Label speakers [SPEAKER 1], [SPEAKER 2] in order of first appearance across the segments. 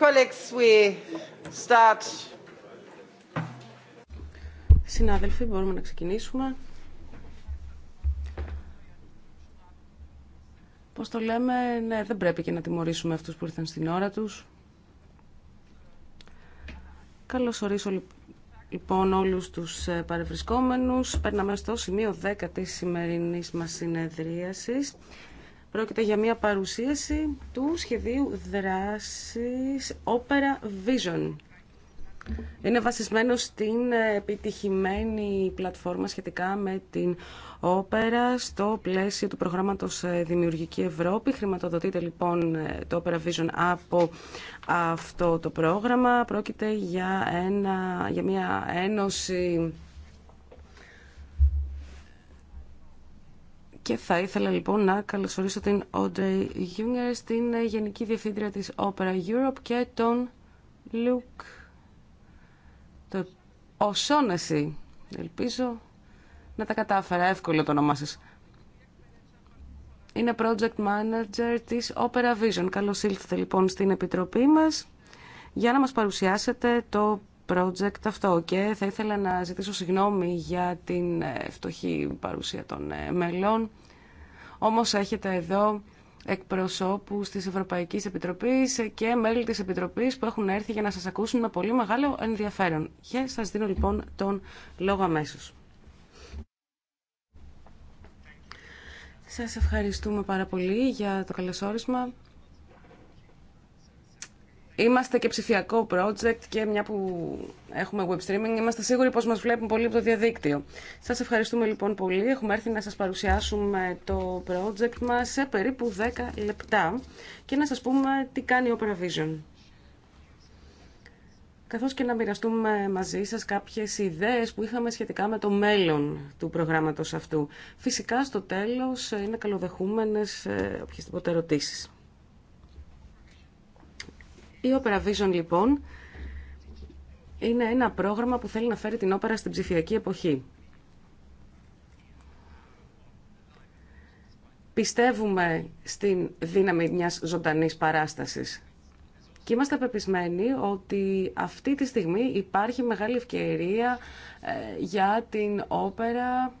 [SPEAKER 1] Colleagues, we start. Συνάδελφοι, μπορούμε να ξεκινήσουμε. Πώς το λέμε, ναι, δεν πρέπει και να τιμωρήσουμε αυτούς που ήρθαν στην ώρα τους. Καλώς ορίσω λοιπόν όλους τους ε, παρευρισκόμενους. Παίρναμε στο σημείο 10 της σημερινής μας συνεδρίασης. Πρόκειται για μια παρουσίαση του σχεδίου δράσης Opera Vision. Είναι βασισμένο στην επιτυχημένη πλατφόρμα σχετικά με την όπερα στο πλαίσιο του προγράμματος ε, Δημιουργική Ευρώπη. Χρηματοδοτείται λοιπόν ε, το Opera Vision από αυτό το πρόγραμμα. Πρόκειται για, ένα, για μια ένωση Και θα ήθελα λοιπόν να καλωσορίσω την Audrey Junger, στην Γενική Διευθύντρια της Opera Europe και τον Λουκ το Οσόνεση. Ελπίζω να τα κατάφερα εύκολο το όνομά σας. Είναι project manager της Opera Vision. Καλώς ήλθατε λοιπόν στην επιτροπή μας για να μας παρουσιάσετε το project αυτό και θα ήθελα να ζητήσω συγγνώμη για την ε, φτωχή παρουσία των ε, μελών. Όμως έχετε εδώ εκπροσώπους της Ευρωπαϊκής Επιτροπής και μέλη της Επιτροπής που έχουν έρθει για να σας ακούσουν με πολύ μεγάλο ενδιαφέρον. Και σας δίνω λοιπόν τον λόγο αμέσως. Σας ευχαριστούμε πάρα πολύ για το καλωσόρισμα είμαστε και ψηφιακό project και μια που έχουμε web streaming, είμαστε σίγουροι πως μας βλέπουν πολύ από το διαδίκτυο. Σας ευχαριστούμε λοιπόν πολύ. Έχουμε έρθει να σας παρουσιάσουμε το project μας σε περίπου 10 λεπτά και να σας πούμε τι κάνει η Opera Vision. Καθώς και να μοιραστούμε μαζί σας κάποιες ιδέες που είχαμε σχετικά με το μέλλον του προγράμματος αυτού. Φυσικά στο τέλος είναι καλοδεχούμενες ε, οποιασδήποτε ερωτήσεις. Η Opera Vision λοιπόν είναι ένα πρόγραμμα που θέλει να φέρει την όπερα στην ψηφιακή εποχή. Πιστεύουμε στην δύναμη μιας ζωντανής παράστασης. Και είμαστε πεπισμένοι ότι αυτή τη στιγμή υπάρχει μεγάλη ευκαιρία ε, για την όπερα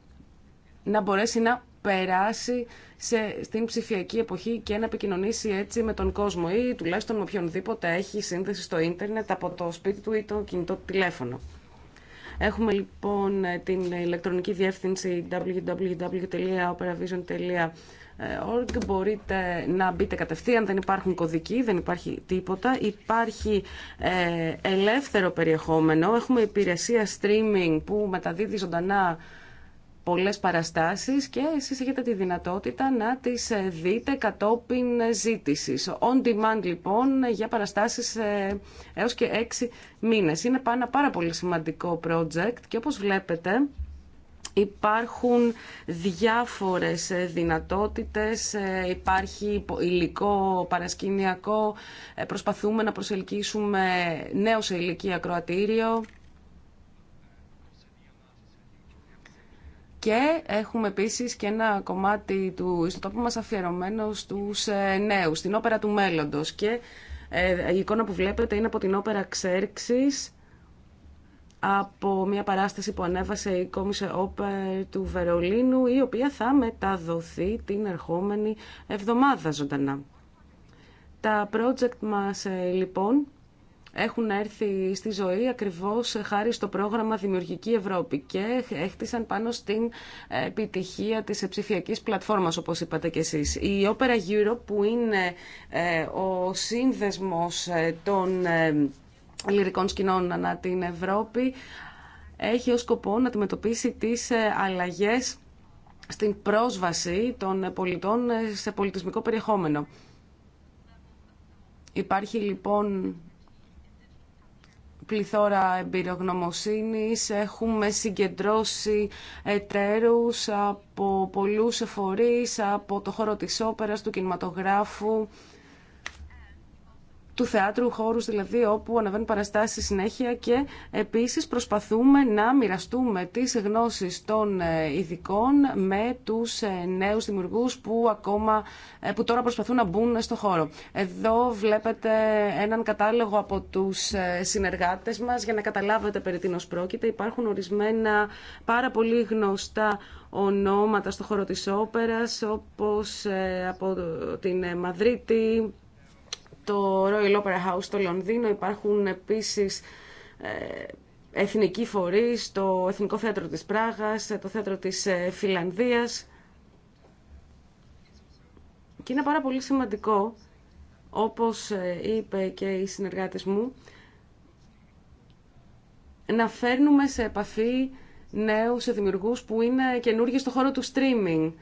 [SPEAKER 1] να μπορέσει να περάσει σε, στην ψηφιακή εποχή και να επικοινωνήσει έτσι με τον κόσμο ή τουλάχιστον με οποιονδήποτε έχει σύνδεση στο ίντερνετ από το σπίτι του ή το κινητό τηλέφωνο. Έχουμε λοιπόν την ηλεκτρονική διεύθυνση www.operavision.org. Μπορείτε να μπείτε κατευθείαν, δεν υπάρχουν κωδικοί, δεν υπάρχει τίποτα. Υπάρχει ε, ελεύθερο περιεχόμενο. Έχουμε υπηρεσία streaming που μεταδίδει ζωντανά πολλές παραστάσεις και εσείς έχετε τη δυνατότητα να τις ε, δείτε κατόπιν ε, ζήτησης. On demand λοιπόν για παραστάσεις ε, έως και έξι μήνες. Είναι ένα πάρα πολύ σημαντικό project και όπως βλέπετε υπάρχουν διάφορες δυνατότητες, υπάρχει υλικό, παρασκηνιακό, προσπαθούμε να προσελκύσουμε νέο σε ηλικία ακροατήριο. Και έχουμε επίσης και ένα κομμάτι του ιστοτόπου μας αφιερωμένο στους ε, νέους, στην όπερα του μέλλοντος. Και ε, η εικόνα που βλέπετε είναι από την όπερα Ξέρξης, από μια παράσταση που ανέβασε η Κόμισε Όπερ του Βερολίνου, η οποία θα μεταδοθεί την ερχόμενη εβδομάδα ζωντανά. Τα project μας ε, λοιπόν έχουν έρθει στη ζωή ακριβώς χάρη στο πρόγραμμα Δημιουργική Ευρώπη και έχτισαν πάνω στην επιτυχία της ψηφιακή πλατφόρμας όπως είπατε και εσείς. Η Opera Europe που είναι ε, ο σύνδεσμος ε, των ε, λυρικών σκηνών ανά την Ευρώπη έχει ως σκοπό να αντιμετωπίσει τις αλλαγές στην πρόσβαση των πολιτών σε πολιτισμικό περιεχόμενο. Υπάρχει λοιπόν πληθώρα εμπειρογνωμοσύνης, έχουμε συγκεντρώσει εταίρους από πολλούς εφορεί, από το χώρο της όπερας, του κινηματογράφου, του θεάτρου, χώρου, δηλαδή όπου αναβαίνουν παραστάσεις συνέχεια και επίσης προσπαθούμε να μοιραστούμε τις γνώσεις των ε, ειδικών με τους ε, νέους δημιουργούς που, ακόμα, ε, που τώρα προσπαθούν να μπουν στο χώρο. Εδώ βλέπετε έναν κατάλογο από τους συνεργάτες μας για να καταλάβετε περί τίνο πρόκειται. Υπάρχουν ορισμένα πάρα πολύ γνωστά ονόματα στο χώρο της όπερας όπως από την Μαδρίτη, το Royal Opera House στο Λονδίνο, υπάρχουν επίσης ε, εθνικοί φορείς, το Εθνικό Θέατρο της Πράγας, το Θέατρο της ε, Φιλανδίας. Και είναι πάρα πολύ σημαντικό, όπως ε, είπε και οι συνεργάτες μου, να φέρνουμε σε επαφή νέους δημιουργούς που είναι καινούργιοι στο χώρο του streaming.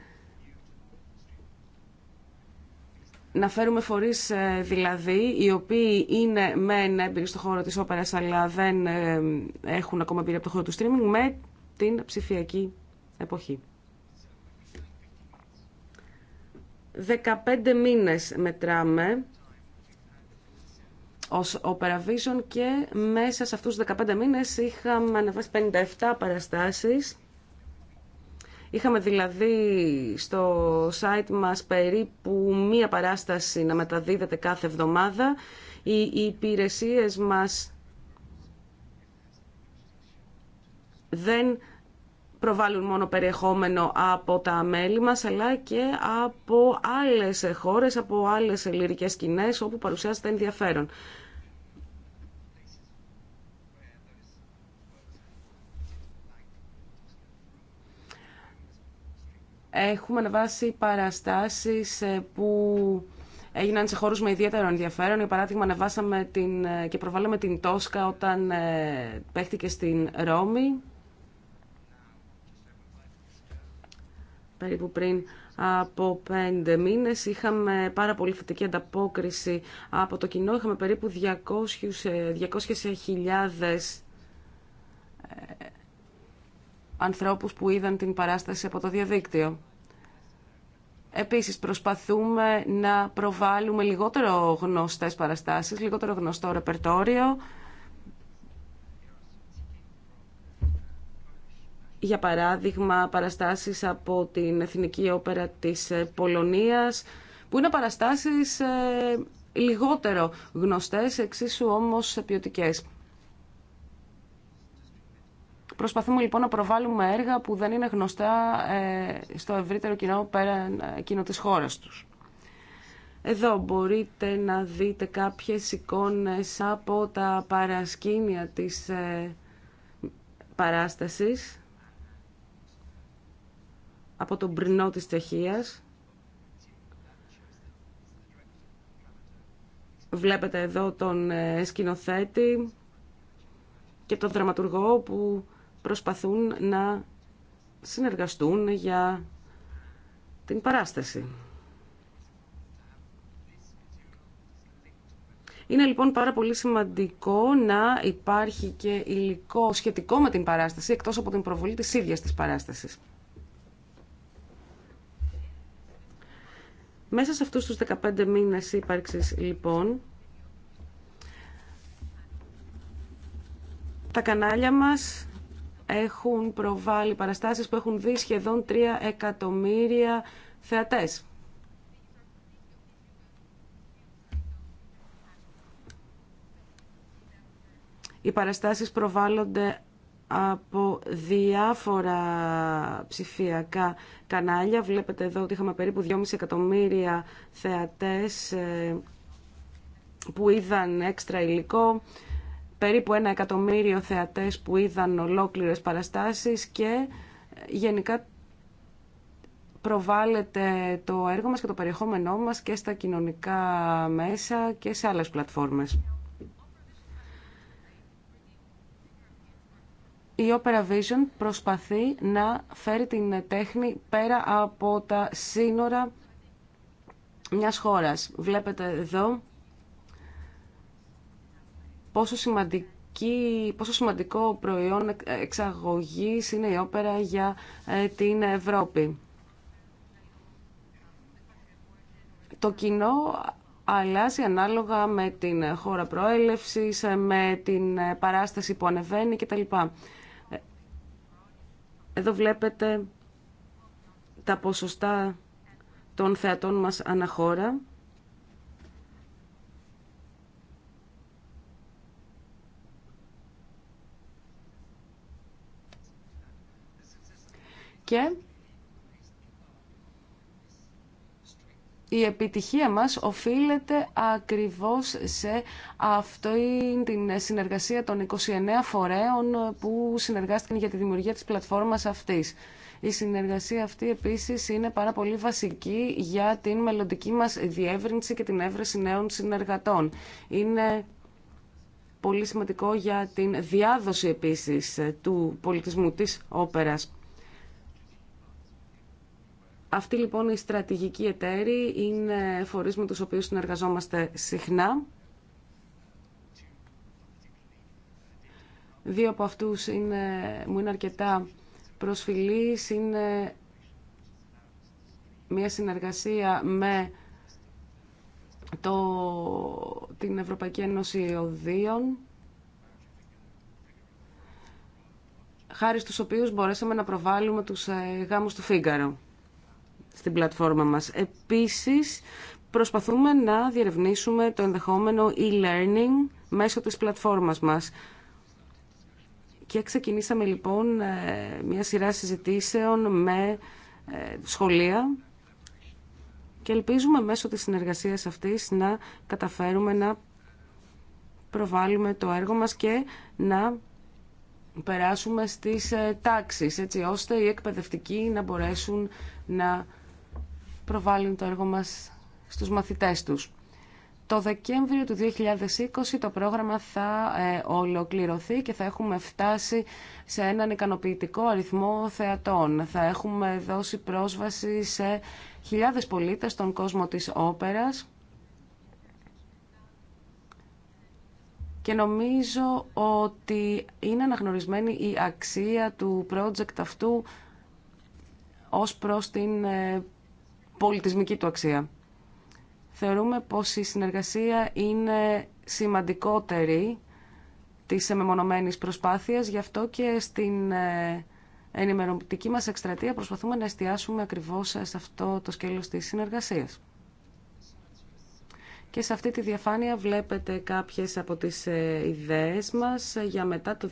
[SPEAKER 1] να φέρουμε φορείς ε, δηλαδή οι οποίοι είναι μεν έμπειροι στο χώρο της όπερα, αλλά δεν ε, έχουν ακόμα μπει από το χώρο του streaming με την ψηφιακή εποχή. 15 μήνες μετράμε ως Opera Vision και μέσα σε αυτούς τους 15 μήνες είχαμε ανεβάσει 57 παραστάσεις Είχαμε δηλαδή στο site μας περίπου μία παράσταση να μεταδίδεται κάθε εβδομάδα. Οι, οι υπηρεσίες μας δεν προβάλλουν μόνο περιεχόμενο από τα μέλη μας, αλλά και από άλλες χώρες, από άλλες ελληνικές σκηνές όπου παρουσιάζεται ενδιαφέρον. έχουμε ανεβάσει παραστάσεις ε, που έγιναν σε χώρους με ιδιαίτερο ενδιαφέρον. Για παράδειγμα, ανεβάσαμε την, ε, και προβάλαμε την Τόσκα όταν ε, παίχτηκε στην Ρώμη. Περίπου πριν από πέντε μήνες είχαμε πάρα πολύ θετική ανταπόκριση από το κοινό. Είχαμε περίπου 200.000 200 ανθρώπους που είδαν την παράσταση από το διαδίκτυο. Επίσης προσπαθούμε να προβάλλουμε λιγότερο γνωστές παραστάσεις, λιγότερο γνωστό ρεπερτόριο. Για παράδειγμα, παραστάσεις από την Εθνική Όπερα της ε, Πολωνίας, που είναι παραστάσεις ε, λιγότερο γνωστές, εξίσου όμως ποιοτικές. Προσπαθούμε λοιπόν να προβάλλουμε έργα που δεν είναι γνωστά ε, στο ευρύτερο κοινό πέραν ε, εκείνο της χώρας τους. Εδώ μπορείτε να δείτε κάποιες εικόνες από τα παρασκήνια της ε, παράστασης από τον πρινό της Τσεχίας. Βλέπετε εδώ τον σκηνοθέτη και τον δραματουργό που προσπαθούν να συνεργαστούν για την παράσταση. Είναι λοιπόν πάρα πολύ σημαντικό να υπάρχει και υλικό σχετικό με την παράσταση, εκτός από την προβολή της ίδιας της παράστασης. Μέσα σε αυτούς τους 15 μήνες ύπαρξης, λοιπόν, τα κανάλια μας έχουν προβάλει παραστάσεις που έχουν δει σχεδόν 3 εκατομμύρια θεατές. Οι παραστάσεις προβάλλονται από διάφορα ψηφιακά κανάλια. Βλέπετε εδώ ότι είχαμε περίπου 2,5 εκατομμύρια θεατές ε, που είδαν έξτρα υλικό περίπου ένα εκατομμύριο θεατές που είδαν ολόκληρες παραστάσεις και γενικά προβάλλεται το έργο μας και το περιεχόμενό μας και στα κοινωνικά μέσα και σε άλλες πλατφόρμες. Η Opera Vision προσπαθεί να φέρει την τέχνη πέρα από τα σύνορα μιας χώρας. Βλέπετε εδώ πόσο, σημαντική, πόσο σημαντικό προϊόν εξαγωγής είναι η όπερα για ε, την Ευρώπη. Το κοινό αλλάζει ανάλογα με την χώρα προέλευσης, με την παράσταση που ανεβαίνει κτλ. Εδώ βλέπετε τα ποσοστά των θεατών μας αναχώρα. και η επιτυχία μας οφείλεται ακριβώς σε αυτή την συνεργασία των 29 φορέων που συνεργάστηκαν για τη δημιουργία της πλατφόρμας αυτής. Η συνεργασία αυτή επίσης είναι πάρα πολύ βασική για την μελλοντική μας διεύρυνση και την έβρεση νέων συνεργατών. Είναι πολύ σημαντικό για την διάδοση επίσης του πολιτισμού της όπερας αυτοί λοιπόν οι στρατηγικοί εταίροι είναι φορείς με τους οποίους συνεργαζόμαστε συχνά. Δύο από αυτούς είναι, μου είναι αρκετά προσφυλής. Είναι μια συνεργασία με το, την Ευρωπαϊκή Ένωση Οδείων, χάρη στους οποίους μπορέσαμε να προβάλλουμε τους ε, γάμους του Φίγκαρο στην πλατφόρμα μας. Επίσης, προσπαθούμε να διερευνήσουμε το ενδεχόμενο e-learning μέσω της πλατφόρμας μας. Και ξεκινήσαμε λοιπόν ε, μια σειρά συζητήσεων με ε, σχολεία και ελπίζουμε μέσω της συνεργασίας αυτής να καταφέρουμε να προβάλλουμε το έργο μας και να περάσουμε στις ε, τάξεις, έτσι ώστε οι εκπαιδευτικοί να μπορέσουν να προβάλλουν το έργο μας στους μαθητές τους. Το Δεκέμβριο του 2020 το πρόγραμμα θα ε, ολοκληρωθεί και θα έχουμε φτάσει σε έναν ικανοποιητικό αριθμό θεατών. Θα έχουμε δώσει πρόσβαση σε χιλιάδες πολίτες στον κόσμο της όπερας και νομίζω ότι είναι αναγνωρισμένη η αξία του project αυτού ως προς την ε, πολιτισμική του αξία. Θεωρούμε πως η συνεργασία είναι σημαντικότερη της εμεμονωμένης προσπάθειας, γι' αυτό και στην ε, ενημερωτική μας εκστρατεία προσπαθούμε να εστιάσουμε ακριβώς σε αυτό το σκέλος της συνεργασίας και σε αυτή τη διαφάνεια βλέπετε κάποιες από τις ε, ιδέες μας για μετά το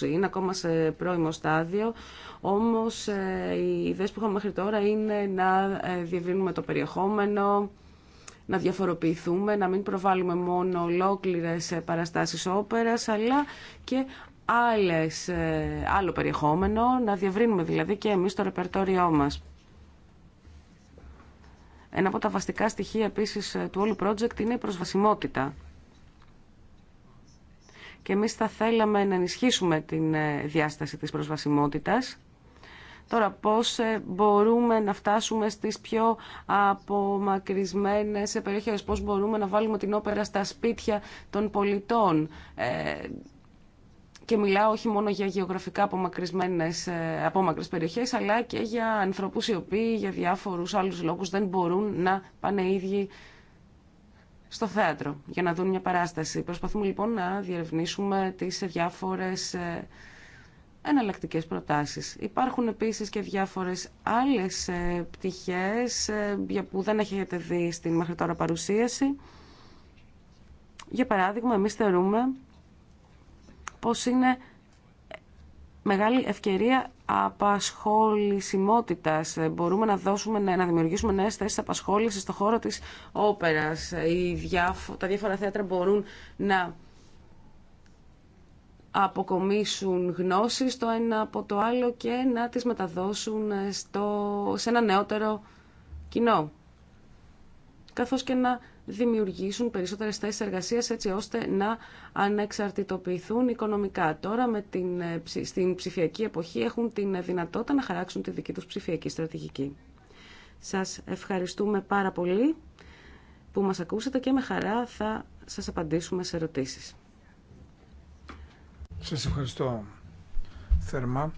[SPEAKER 1] 2020. Είναι ακόμα σε πρώιμο στάδιο, όμως ε, οι ιδέες που είχαμε μέχρι τώρα είναι να ε, διευρύνουμε το περιεχόμενο, να διαφοροποιηθούμε, να μην προβάλλουμε μόνο ολόκληρες παραστάσεις όπερας, αλλά και άλλες, άλλο περιεχόμενο, να διευρύνουμε δηλαδή και εμείς το ρεπερτόριό μας. Ένα από τα βασικά στοιχεία επίσης του όλου project είναι η προσβασιμότητα. Και εμείς θα θέλαμε να ενισχύσουμε την ε, διάσταση της προσβασιμότητας. Τώρα, πώς ε, μπορούμε να φτάσουμε στις πιο απομακρυσμένες περιοχές, πώς μπορούμε να βάλουμε την όπερα στα σπίτια των πολιτών, ε, και μιλάω όχι μόνο για γεωγραφικά απομακρυσμένες, ε, απόμακρες περιοχές, αλλά και για ανθρώπους οι οποίοι για διάφορους άλλους λόγους δεν μπορούν να πάνε ίδιοι στο θέατρο για να δουν μια παράσταση. Προσπαθούμε λοιπόν να διερευνήσουμε τις διάφορες ε, εναλλακτικές προτάσεις. Υπάρχουν επίσης και διάφορες άλλες ε, πτυχές που δεν έχετε δει στην μέχρι τώρα παρουσίαση. Για παράδειγμα, εμείς θεωρούμε πως είναι μεγάλη ευκαιρία απασχολησιμότητας. Μπορούμε να, δώσουμε, να δημιουργήσουμε νέες θέσεις απασχόλησης στο χώρο της όπερας. τα διάφορα θέατρα μπορούν να αποκομίσουν γνώσεις το ένα από το άλλο και να τις μεταδώσουν στο, σε ένα νεότερο κοινό. Καθώς και να δημιουργήσουν περισσότερες θέσεις εργασίας έτσι ώστε να ανεξαρτητοποιηθούν οικονομικά. Τώρα με την, ε, στην ψηφιακή εποχή έχουν την δυνατότητα να χαράξουν τη δική τους ψηφιακή στρατηγική. Σας ευχαριστούμε πάρα πολύ που μας ακούσατε και με χαρά θα σας απαντήσουμε σε ερωτήσεις.
[SPEAKER 2] Σας ευχαριστώ θερμά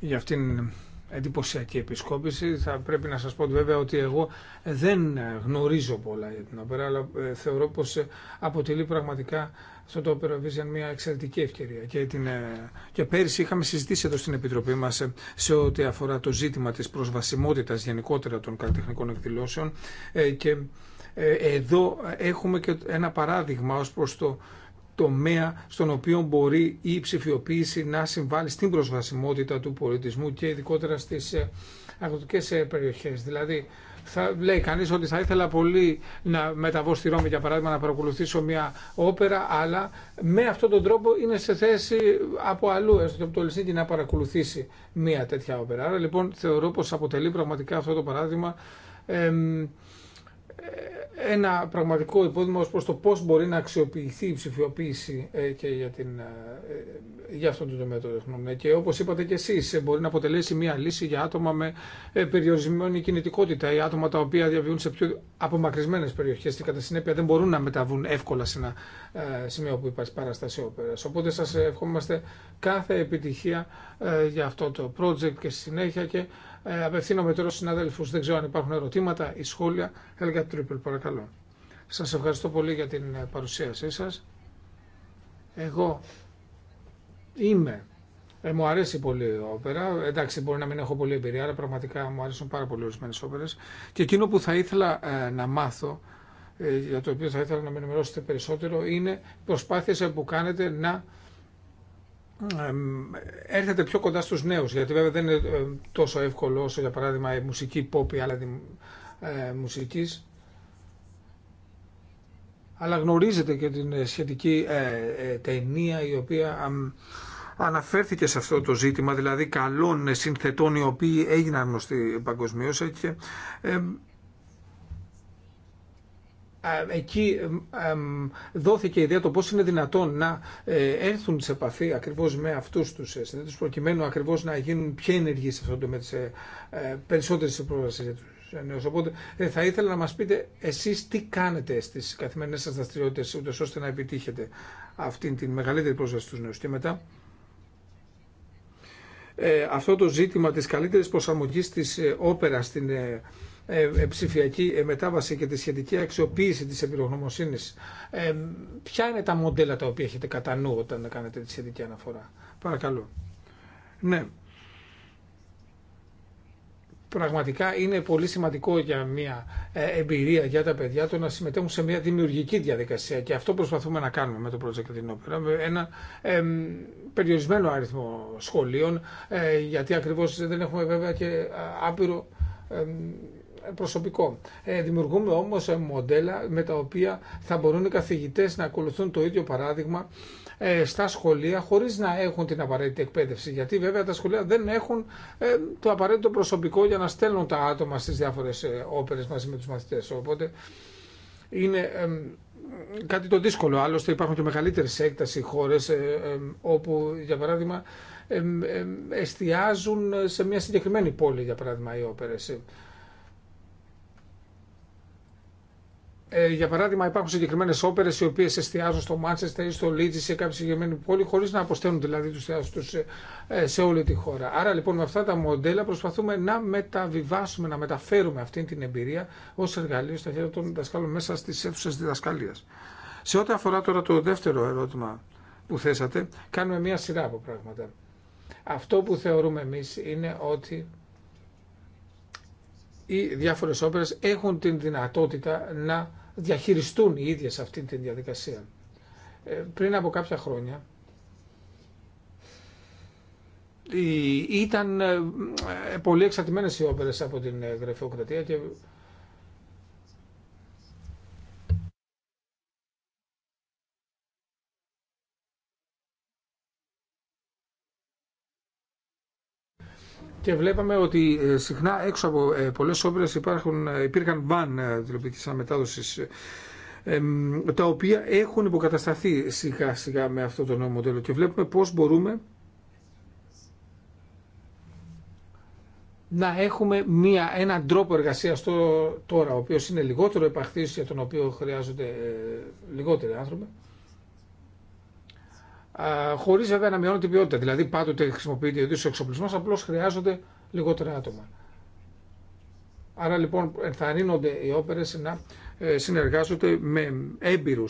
[SPEAKER 2] για αυτήν εντυπωσιακή επισκόπηση. Θα πρέπει να σας πω βέβαια ότι εγώ δεν γνωρίζω πολλά για την όπερα, αλλά ε, θεωρώ πως ε, αποτελεί πραγματικά στο το Opera Vision μια εξαιρετική ευκαιρία. Και, την, ε, και πέρυσι είχαμε συζητήσει εδώ στην Επιτροπή μας σε ό,τι αφορά το ζήτημα της προσβασιμότητας γενικότερα των καλλιτεχνικών εκδηλώσεων και εδώ έχουμε και ένα παράδειγμα ως προς το τομέα στον οποίο μπορεί η ψηφιοποίηση να συμβάλλει στην προσβασιμότητα του πολιτισμού και ειδικότερα στις ε, αγροτικές ε, περιοχές. Δηλαδή, θα λέει κανεί ότι θα ήθελα πολύ να μεταβώ στη Ρώμη για παράδειγμα να παρακολουθήσω μια όπερα, αλλά με αυτόν τον τρόπο είναι σε θέση από αλλού, έστω και από το να παρακολουθήσει μια τέτοια όπερα. Άρα λοιπόν θεωρώ πω αποτελεί πραγματικά αυτό το παράδειγμα ένα πραγματικό υπόδειγμα ως προς το πώς μπορεί να αξιοποιηθεί η ψηφιοποίηση ε, και για, την, ε, ε, για αυτόν τον τομέα των τεχνών. Και όπως είπατε και εσείς, μπορεί να αποτελέσει μια λύση για άτομα με περιορισμένη κινητικότητα ή άτομα τα οποία διαβιούν σε πιο απομακρυσμένες περιοχές και κατά συνέπεια δεν μπορούν να μεταβούν εύκολα σε ένα σημείο που υπάρχει παραστασία Οπότε σας ευχόμαστε κάθε επιτυχία για αυτό το project και στη συνέχεια και ε, απευθύνομαι τώρα στους συναδέλφους, δεν ξέρω αν υπάρχουν ερωτήματα ή σχόλια. έλεγα τρίπλ παρακαλώ. Σας ευχαριστώ πολύ για την ε, παρουσίασή σας. Εγώ είμαι ε, μου αρέσει πολύ η όπερα. Εντάξει, μπορεί να μην έχω πολύ εμπειρία, αλλά πραγματικά μου αρέσουν πάρα πολύ ορισμένε όπερες Και εκείνο που θα ήθελα ε, να μάθω, ε, για το οποίο θα ήθελα να με ενημερώσετε περισσότερο, είναι προσπάθειες που κάνετε να έρχεται πιο κοντά στους νέους γιατί βέβαια δεν είναι ε, τόσο εύκολο όσο για παράδειγμα η μουσική pop ή άλλα ε, μουσικής αλλά γνωρίζετε και την ε, σχετική ε, ταινία η οποία αναφέρθηκε σε αυτό το ζήτημα δηλαδή καλών συνθετών οι οποίοι έγιναν γνωστοί παγκοσμίω και εκεί δόθηκε η ιδέα το πώς είναι δυνατόν να ε, έρθουν σε επαφή ακριβώς με αυτούς τους ε, συνέντες προκειμένου ακριβώς να γίνουν πιο ενεργοί σε αυτό το με σε περισσότερες πρόσβασεις για τους νέους. Οπότε ε, θα ήθελα να μας πείτε εσείς τι κάνετε στις καθημερινές σας δραστηριότητες ούτω ώστε να επιτύχετε αυτήν την μεγαλύτερη πρόσβαση στους νέους. Και μετά αυτό το ζήτημα της καλύτερης προσαρμογής της όπερα στην ε, ε, ψηφιακή ε, μετάβαση και τη σχετική αξιοποίηση της εμπειρογνωμοσύνης. ποια είναι τα μοντέλα τα οποία έχετε κατά νου όταν κάνετε τη σχετική αναφορά. Παρακαλώ. Ναι. Πραγματικά είναι πολύ σημαντικό για μια εμπειρία για τα παιδιά το να συμμετέχουν σε μια δημιουργική διαδικασία και αυτό προσπαθούμε να κάνουμε με το project την ένα ε, περιορισμένο αριθμό σχολείων γιατί ακριβώς δεν έχουμε βέβαια και άπειρο προσωπικό. Ε, δημιουργούμε όμω μοντέλα με τα οποία θα μπορούν οι καθηγητέ να ακολουθούν το ίδιο παράδειγμα ε, στα σχολεία χωρί να έχουν την απαραίτητη εκπαίδευση. Γιατί βέβαια τα σχολεία δεν έχουν ε, το απαραίτητο προσωπικό για να στέλνουν τα άτομα στις διάφορες όπερε μαζί με του μαθητέ. Οπότε είναι κάτι το δύσκολο. Άλλωστε υπάρχουν και μεγαλύτερες έκταση χώρες όπου για παράδειγμα εστιάζουν σε μια συγκεκριμένη πόλη για παράδειγμα οι όπερες. Ε, για παράδειγμα, υπάρχουν συγκεκριμένε όπερε οι οποίε εστιάζουν στο Μάντσεστερ ή στο Λίτζι σε κάποια συγκεκριμένη πόλη, χωρί να αποστέλνουν δηλαδή του θεάτρου του σε, ε, σε όλη τη χώρα. Άρα λοιπόν με αυτά τα μοντέλα προσπαθούμε να μεταβιβάσουμε, να μεταφέρουμε αυτή την εμπειρία ω εργαλείο στα χέρια των διδασκάλων μέσα στι αίθουσε διδασκαλία. Σε ό,τι αφορά τώρα το δεύτερο ερώτημα που θέσατε, κάνουμε μία σειρά από πράγματα. Αυτό που θεωρούμε εμεί είναι ότι οι διάφορες όπερες έχουν την δυνατότητα να διαχειριστούν οι ίδιες αυτή την διαδικασία. Ε, πριν από κάποια χρόνια ήταν ε, ε, πολύ εξαρτημένες οι όπερες από την γραφειοκρατία και Και βλέπαμε ότι ε, συχνά έξω από ε, πολλές όπερε ε, υπήρχαν μπαν τηλεοπτικής αναμετάδοσης τα οποία έχουν υποκατασταθεί σιγά σιγά με αυτό το νέο μοντέλο και βλέπουμε πώς μπορούμε να έχουμε μία, έναν τρόπο εργασία τώρα, ο οποίος είναι λιγότερο επαχθής για τον οποίο χρειάζονται λιγότεροι άνθρωποι χωρί βέβαια να μειώνει την ποιότητα. Δηλαδή πάντοτε χρησιμοποιείται ο ίδιο εξοπλισμό, απλώ χρειάζονται λιγότερα άτομα. Άρα λοιπόν ενθαρρύνονται οι όπερε να ε, συνεργάζονται με έμπειρου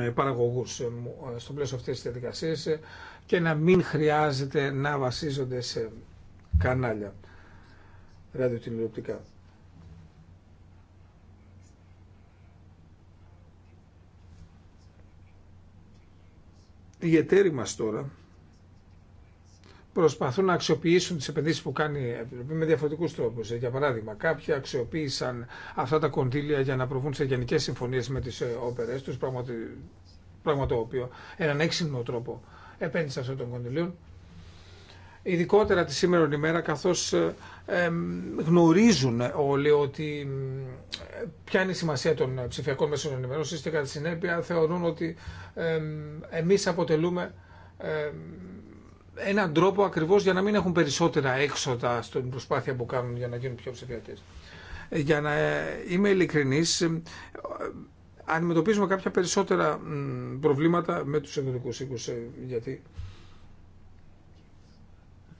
[SPEAKER 2] ε, ε, παραγωγού στο πλαίσιο αυτή τη διαδικασία και να μην χρειάζεται να βασίζονται σε κανάλια ραδιοτηλεοπτικά. οι εταίροι μας τώρα προσπαθούν να αξιοποιήσουν τις επενδύσεις που κάνει η με διαφορετικούς τρόπους. Ε, για παράδειγμα, κάποιοι αξιοποίησαν αυτά τα κονδύλια για να προβούν σε γενικές συμφωνίες με τις ε, όπερες τους, πράγμα το οποίο έναν έξυπνο τρόπο επένδυσε αυτών των κονδυλίων ειδικότερα τη σήμερα ημέρα καθώς ε, γνωρίζουν όλοι ότι ε, ποια είναι η σημασία των ψηφιακών μέσων ενημέρωσης και κατά συνέπεια θεωρούν ότι εμείς αποτελούμε έναν τρόπο ακριβώς για να μην έχουν περισσότερα έξοδα στην προσπάθεια που κάνουν για να γίνουν πιο ψηφιακές. Για να ε, είμαι ειλικρινής, αντιμετωπίζουμε κάποια περισσότερα προβλήματα με τους εκδοτικούς οίκους, γιατί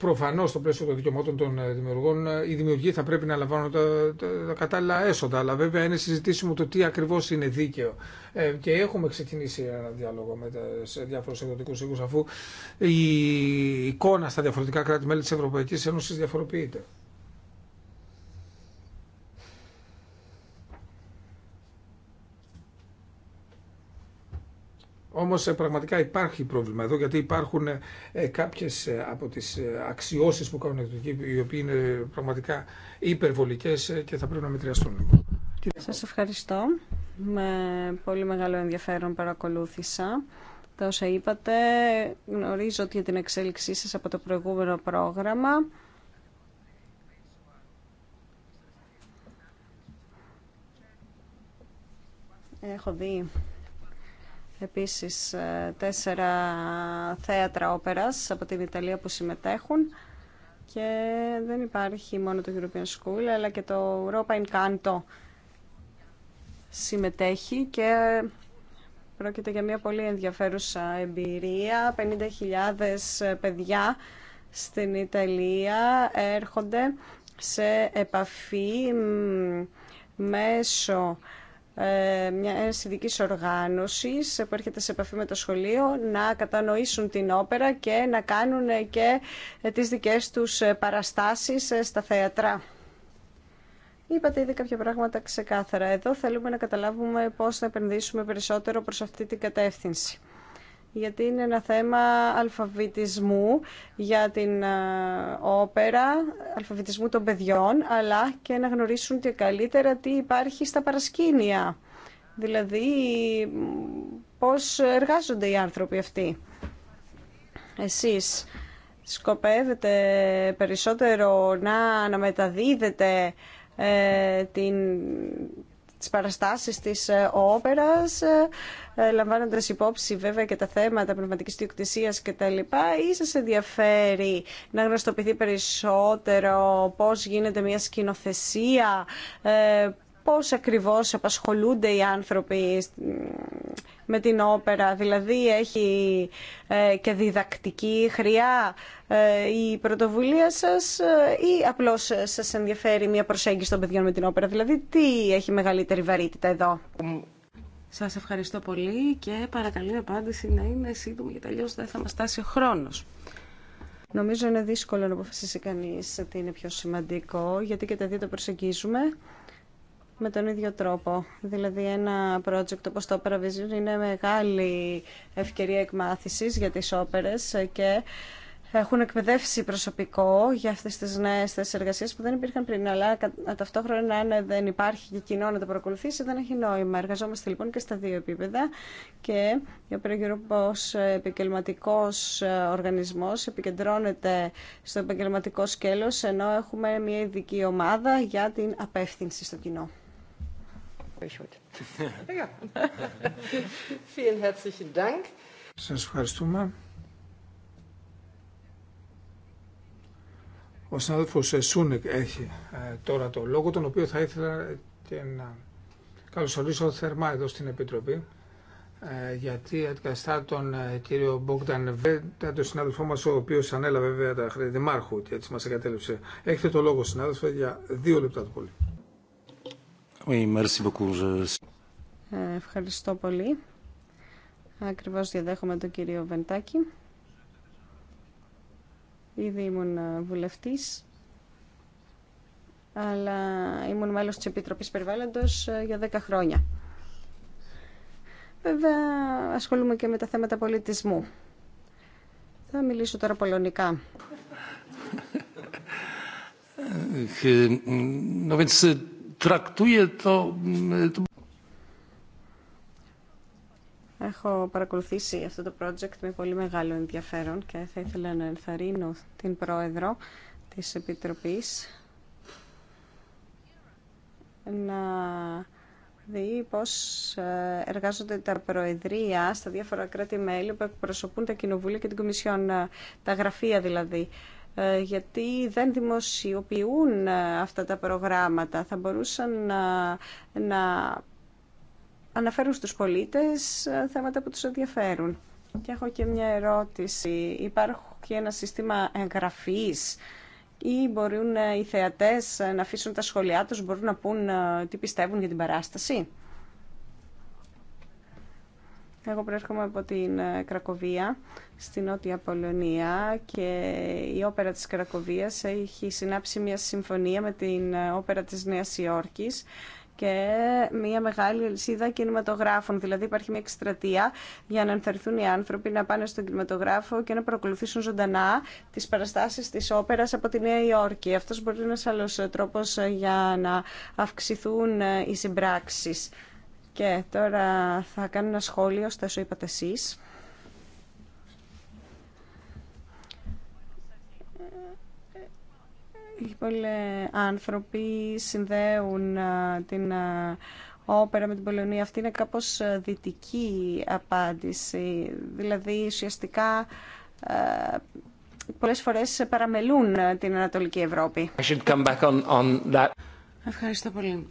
[SPEAKER 2] Προφανώ στο πλαίσιο των δικαιωμάτων των ε, δημιουργών ε, οι δημιουργοί θα πρέπει να λαμβάνουν τα, τα, κατάλληλα έσοδα. Αλλά βέβαια είναι συζητήσιμο το τι ακριβώς είναι δίκαιο. Ε, και έχουμε ξεκινήσει ένα διάλογο με σε διάφορους εκδοτικού οίκους αφού η εικόνα στα διαφορετικά κράτη-μέλη της Ευρωπαϊκής Ένωσης διαφοροποιείται. Όμως ε, πραγματικά υπάρχει πρόβλημα εδώ γιατί υπάρχουν ε, κάποιες ε, από τις αξιώσεις που κάνουν οι οποίοι είναι πραγματικά υπερβολικές και θα πρέπει να μετριαστούν λίγο.
[SPEAKER 3] Σας ευχαριστώ. Με πολύ μεγάλο ενδιαφέρον παρακολούθησα τα όσα είπατε. Γνωρίζω ότι για την εξέλιξή σας από το προηγούμενο πρόγραμμα έχω δει επίσης ε, τέσσερα θέατρα όπερας από την Ιταλία που συμμετέχουν και δεν υπάρχει μόνο το European School αλλά και το Europa Canto συμμετέχει και πρόκειται για μια πολύ ενδιαφέρουσα εμπειρία. 50.000 παιδιά στην Ιταλία έρχονται σε επαφή μέσω ε, μια ειδική οργάνωση που έρχεται σε επαφή με το σχολείο να κατανοήσουν την όπερα και να κάνουν και τις δικές τους παραστάσεις στα θέατρα. Είπατε ήδη κάποια πράγματα ξεκάθαρα. Εδώ θέλουμε να καταλάβουμε πώς θα επενδύσουμε περισσότερο προς αυτή την κατεύθυνση γιατί είναι ένα θέμα αλφαβητισμού για την ε, όπερα, αλφαβητισμού των παιδιών, αλλά και να γνωρίσουν και καλύτερα τι υπάρχει στα παρασκήνια. Δηλαδή, πώς εργάζονται οι άνθρωποι αυτοί. Εσείς σκοπεύετε περισσότερο να αναμεταδίδετε ε, την τις παραστάσεις της ε, όπερας, ε, ε, λαμβάνοντας υπόψη βέβαια και τα θέματα πνευματικής διοκτησίας και τα λοιπά, ή σας ενδιαφέρει να γνωστοποιηθεί περισσότερο πώς γίνεται μια σκηνοθεσία πώς ακριβώς απασχολούνται οι άνθρωποι με την όπερα. Δηλαδή έχει ε, και διδακτική χρειά ε, η πρωτοβουλία σας ε, ή απλώς σας ενδιαφέρει μια προσέγγιση των παιδιών με την όπερα. Δηλαδή
[SPEAKER 1] τι έχει μεγαλύτερη βαρύτητα εδώ. Σας ευχαριστώ πολύ και παρακαλώ η απάντηση να είναι σύντομη γιατί αλλιώς δεν θα μας τάσει ο χρόνος. Νομίζω είναι
[SPEAKER 3] δύσκολο να αποφασίσει κανείς τι είναι πιο σημαντικό, γιατί και τα δύο τα προσεγγίζουμε με τον ίδιο τρόπο. Δηλαδή ένα project όπως το Opera Vision είναι μεγάλη ευκαιρία εκμάθησης για τις όπερες και έχουν εκπαιδεύσει προσωπικό για αυτέ τι νέε θέσει εργασία που δεν υπήρχαν πριν. Αλλά ταυτόχρονα, αν ναι, ναι, δεν υπάρχει και κοινό να το παρακολουθήσει, δεν έχει νόημα. Εργαζόμαστε λοιπόν και στα δύο επίπεδα. Και η Opera Europe οργανισμός οργανισμό επικεντρώνεται στο επαγγελματικό σκέλο, ενώ έχουμε μια ειδική ομάδα για την απεύθυνση στο κοινό.
[SPEAKER 2] Σας ευχαριστούμε. Ο συνάδελφος Σούνεκ έχει ε, τώρα το λόγο, τον οποίο θα ήθελα και να καλωσορίσω θερμά εδώ στην Επιτροπή ε, γιατί αντικαστά τον ε, κύριο Μπόγκταν Βέντα, τον συνάδελφό μας, ο οποίος ανέλαβε βέβαια τα χρέη δημάρχου και έτσι μας εγκατέλειψε. Έχετε το λόγο συνάδελφε για δύο λεπτά το πολύ.
[SPEAKER 3] Ευχαριστώ πολύ. Ακριβώς διαδέχομαι τον κύριο Βεντάκη. Ήδη ήμουν βουλευτής, αλλά ήμουν μέλος της Επιτροπής Περιβάλλοντος για 10 χρόνια. Βέβαια, ασχολούμαι και με τα θέματα πολιτισμού. Θα μιλήσω τώρα πολωνικά.
[SPEAKER 4] No Mm,
[SPEAKER 3] Έχω παρακολουθήσει αυτό το project με πολύ μεγάλο ενδιαφέρον και θα ήθελα να ενθαρρύνω την πρόεδρο της Επιτροπής να δει πώς ε, εργάζονται τα προεδρία στα διάφορα κράτη-μέλη που εκπροσωπούν τα κοινοβούλια και την Κομισιόν, ε, τα γραφεία δηλαδή ε, γιατί δεν δημοσιοποιούν ε, αυτά τα προγράμματα. Θα μπορούσαν να, ε, να αναφέρουν στους πολίτες θέματα που τους ενδιαφέρουν. Και έχω και μια ερώτηση. Υπάρχει ένα σύστημα εγγραφής ή μπορούν οι θεατές να αφήσουν τα σχολιά τους, μπορούν να πούν τι πιστεύουν για την παράσταση. Εγώ προέρχομαι από την ε, Κρακοβία, στην Νότια Πολωνία και η όπερα της Κρακοβίας έχει συνάψει μια συμφωνία με την ε, όπερα της Νέας Υόρκης και μια μεγάλη αλυσίδα κινηματογράφων. Δηλαδή υπάρχει μια εκστρατεία για να ενθαρρυνθούν οι άνθρωποι να πάνε στον κινηματογράφο και να παρακολουθήσουν ζωντανά τι παραστάσει τη όπερα από τη Νέα Υόρκη. Αυτό μπορεί να είναι ένα άλλο τρόπο ε, για να αυξηθούν οι συμπράξει. Και τώρα θα κάνω ένα σχόλιο στα σου είπατε εσείς. Πολλοί άνθρωποι συνδέουν την όπερα με την Πολωνία. Αυτή είναι κάπως δυτική απάντηση. Δηλαδή, ουσιαστικά, πολλές φορές
[SPEAKER 1] παραμελούν την Ανατολική Ευρώπη. Ευχαριστώ πολύ.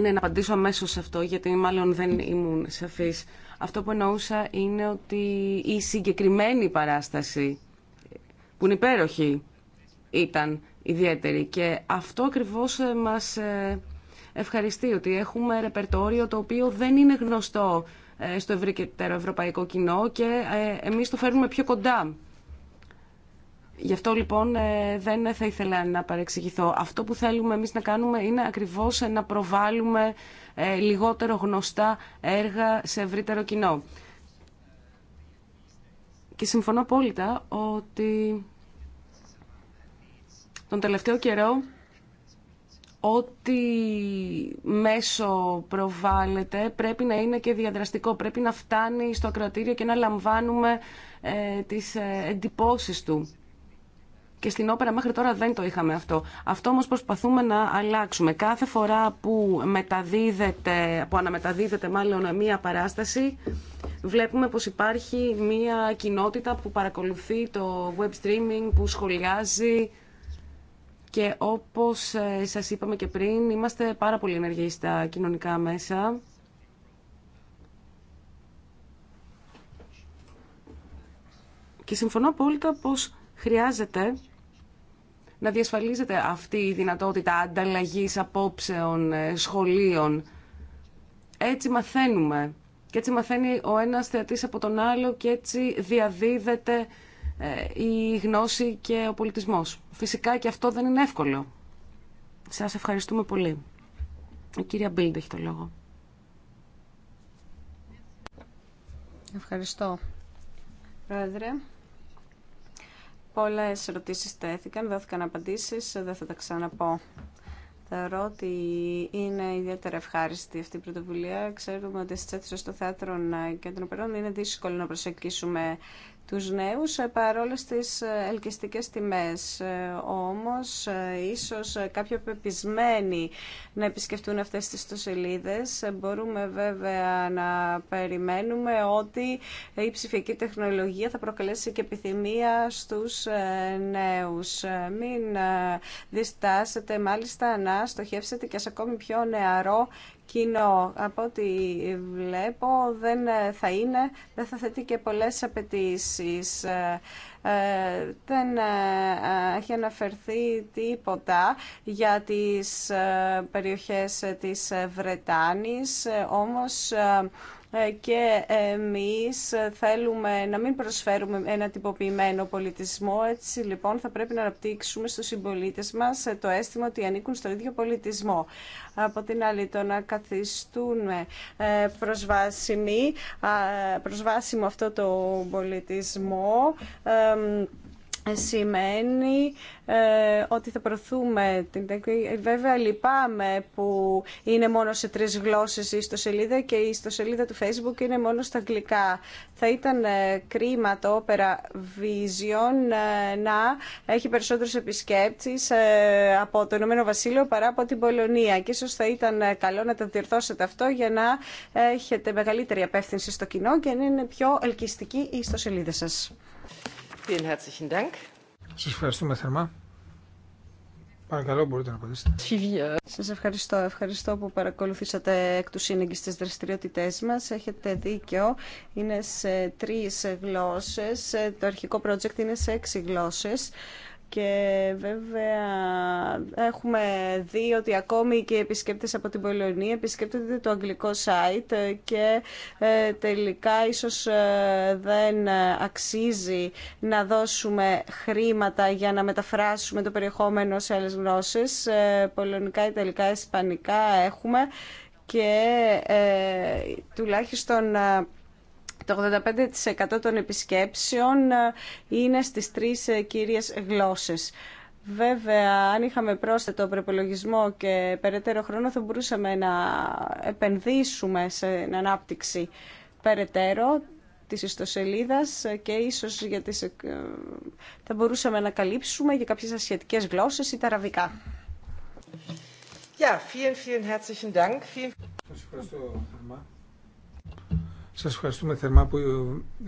[SPEAKER 1] Ναι, να απαντήσω αμέσω σε αυτό, γιατί μάλλον δεν ήμουν σαφή. Αυτό που εννοούσα είναι ότι η συγκεκριμένη παράσταση, που είναι υπέροχη, ήταν ιδιαίτερη. Και αυτό ακριβώ ε, μας ε, ευχαριστεί, ότι έχουμε ρεπερτόριο το οποίο δεν είναι γνωστό ε, στο ευρύτερο ευρωπαϊκό κοινό και εμείς το φέρνουμε πιο κοντά Γι' αυτό λοιπόν ε, δεν θα ήθελα να παρεξηγηθώ. Αυτό που θέλουμε εμείς να κάνουμε είναι ακριβώς να προβάλλουμε ε, λιγότερο γνωστά έργα σε ευρύτερο κοινό. Και συμφωνώ απόλυτα ότι τον τελευταίο καιρό ό,τι μέσο προβάλλεται πρέπει να είναι και διαδραστικό. Πρέπει να φτάνει στο ακροατήριο και να λαμβάνουμε ε, τις ε, εντυπώσεις του και στην όπερα μέχρι τώρα δεν το είχαμε αυτό. Αυτό όμως προσπαθούμε να αλλάξουμε. Κάθε φορά που, μεταδίδεται, που αναμεταδίδεται μάλλον μία παράσταση, βλέπουμε πως υπάρχει μία κοινότητα που παρακολουθεί το web streaming, που σχολιάζει και όπως ε, σας είπαμε και πριν, είμαστε πάρα πολύ ενεργοί στα κοινωνικά μέσα. Και συμφωνώ απόλυτα πως χρειάζεται να διασφαλίζεται αυτή η δυνατότητα ανταλλαγής απόψεων, ε, σχολείων. Έτσι μαθαίνουμε και έτσι μαθαίνει ο ένας θεατής από τον άλλο και έτσι διαδίδεται ε, η γνώση και ο πολιτισμός. Φυσικά και αυτό δεν είναι εύκολο. Σας ευχαριστούμε πολύ. Η κυρία Μπίλντ έχει το λόγο. Ευχαριστώ.
[SPEAKER 3] Πρόεδρε, Πολλές ερωτήσεις τέθηκαν, δόθηκαν απαντήσεις, δεν θα τα ξαναπώ. Θεωρώ ότι είναι ιδιαίτερα ευχάριστη αυτή η πρωτοβουλία. Ξέρουμε ότι στι αίθουσε των θέατρων και των οπερών είναι δύσκολο να προσεγγίσουμε τους νέους ε, παρόλες τις ε, ελκυστικές τιμές. Ε, όμως, ίσως κάποιοι πεπισμένοι να επισκεφτούν αυτές τις ιστοσελίδες. Μπορούμε βέβαια να περιμένουμε ότι η ψηφιακή τεχνολογία θα προκαλέσει και επιθυμία στους νέους. Μην διστάσετε μάλιστα να στοχεύσετε και σε ακόμη πιο νεαρό κοινό. Από ό,τι βλέπω δεν ε, θα είναι, δεν θα θέτει και πολλές απαιτήσει. Ε, ε, δεν ε, έχει αναφερθεί τίποτα για τις περιοχές της Βρετάνης, όμως ε, και εμείς θέλουμε να μην προσφέρουμε ένα τυποποιημένο πολιτισμό. Έτσι λοιπόν θα πρέπει να αναπτύξουμε στους συμπολίτε μας ε, το αίσθημα ότι ανήκουν στο ίδιο πολιτισμό. Από την άλλη το να καθιστούν ε, προσβάσιμο αυτό το πολιτισμό σημαίνει ε, ότι θα προωθούμε την Βέβαια λυπάμαι που είναι μόνο σε τρεις γλώσσες η ιστοσελίδα και η ιστοσελίδα του Facebook είναι μόνο στα αγγλικά. Θα ήταν ε, κρίμα το Opera Vision ε, να έχει περισσότερους επισκέπτες ε, από το Ηνωμένο Βασίλειο παρά από την Πολωνία και ίσως θα ήταν καλό να το διορθώσετε αυτό για να έχετε μεγαλύτερη απεύθυνση στο κοινό και να είναι πιο ελκυστική η ιστοσελίδα σας. Σα herzlichen
[SPEAKER 2] ευχαριστούμε θερμά. Παρακαλώ, μπορείτε να απαντήσετε.
[SPEAKER 3] Ε, Σα ευχαριστώ. Ευχαριστώ που παρακολουθήσατε εκ του σύνεγγυ τι δραστηριότητέ μα. Έχετε δίκιο. Είναι σε τρει γλώσσε. Ε, το αρχικό project είναι σε έξι γλώσσε. Και βέβαια έχουμε δει ότι ακόμη και οι επισκέπτες από την Πολωνία επισκέπτονται το αγγλικό site και ε, τελικά ίσως ε, δεν αξίζει να δώσουμε χρήματα για να μεταφράσουμε το περιεχόμενο σε άλλες γλώσσες. Ε, πολωνικά, Ιταλικά, Ισπανικά έχουμε και τουλάχιστον το 85% των επισκέψεων ε, είναι στις τρεις ε, κύριες γλώσσες. Βέβαια, αν είχαμε πρόσθετο προπολογισμό και περαιτέρω χρόνο θα μπορούσαμε να επενδύσουμε σε ανάπτυξη περαιτέρω της ιστοσελίδας και ίσως για τις, ε, θα μπορούσαμε να καλύψουμε για κάποιες ασιατικές γλώσσες ή τα αραβικά.
[SPEAKER 1] Ja, vielen,
[SPEAKER 2] σας ευχαριστούμε θερμά που ε,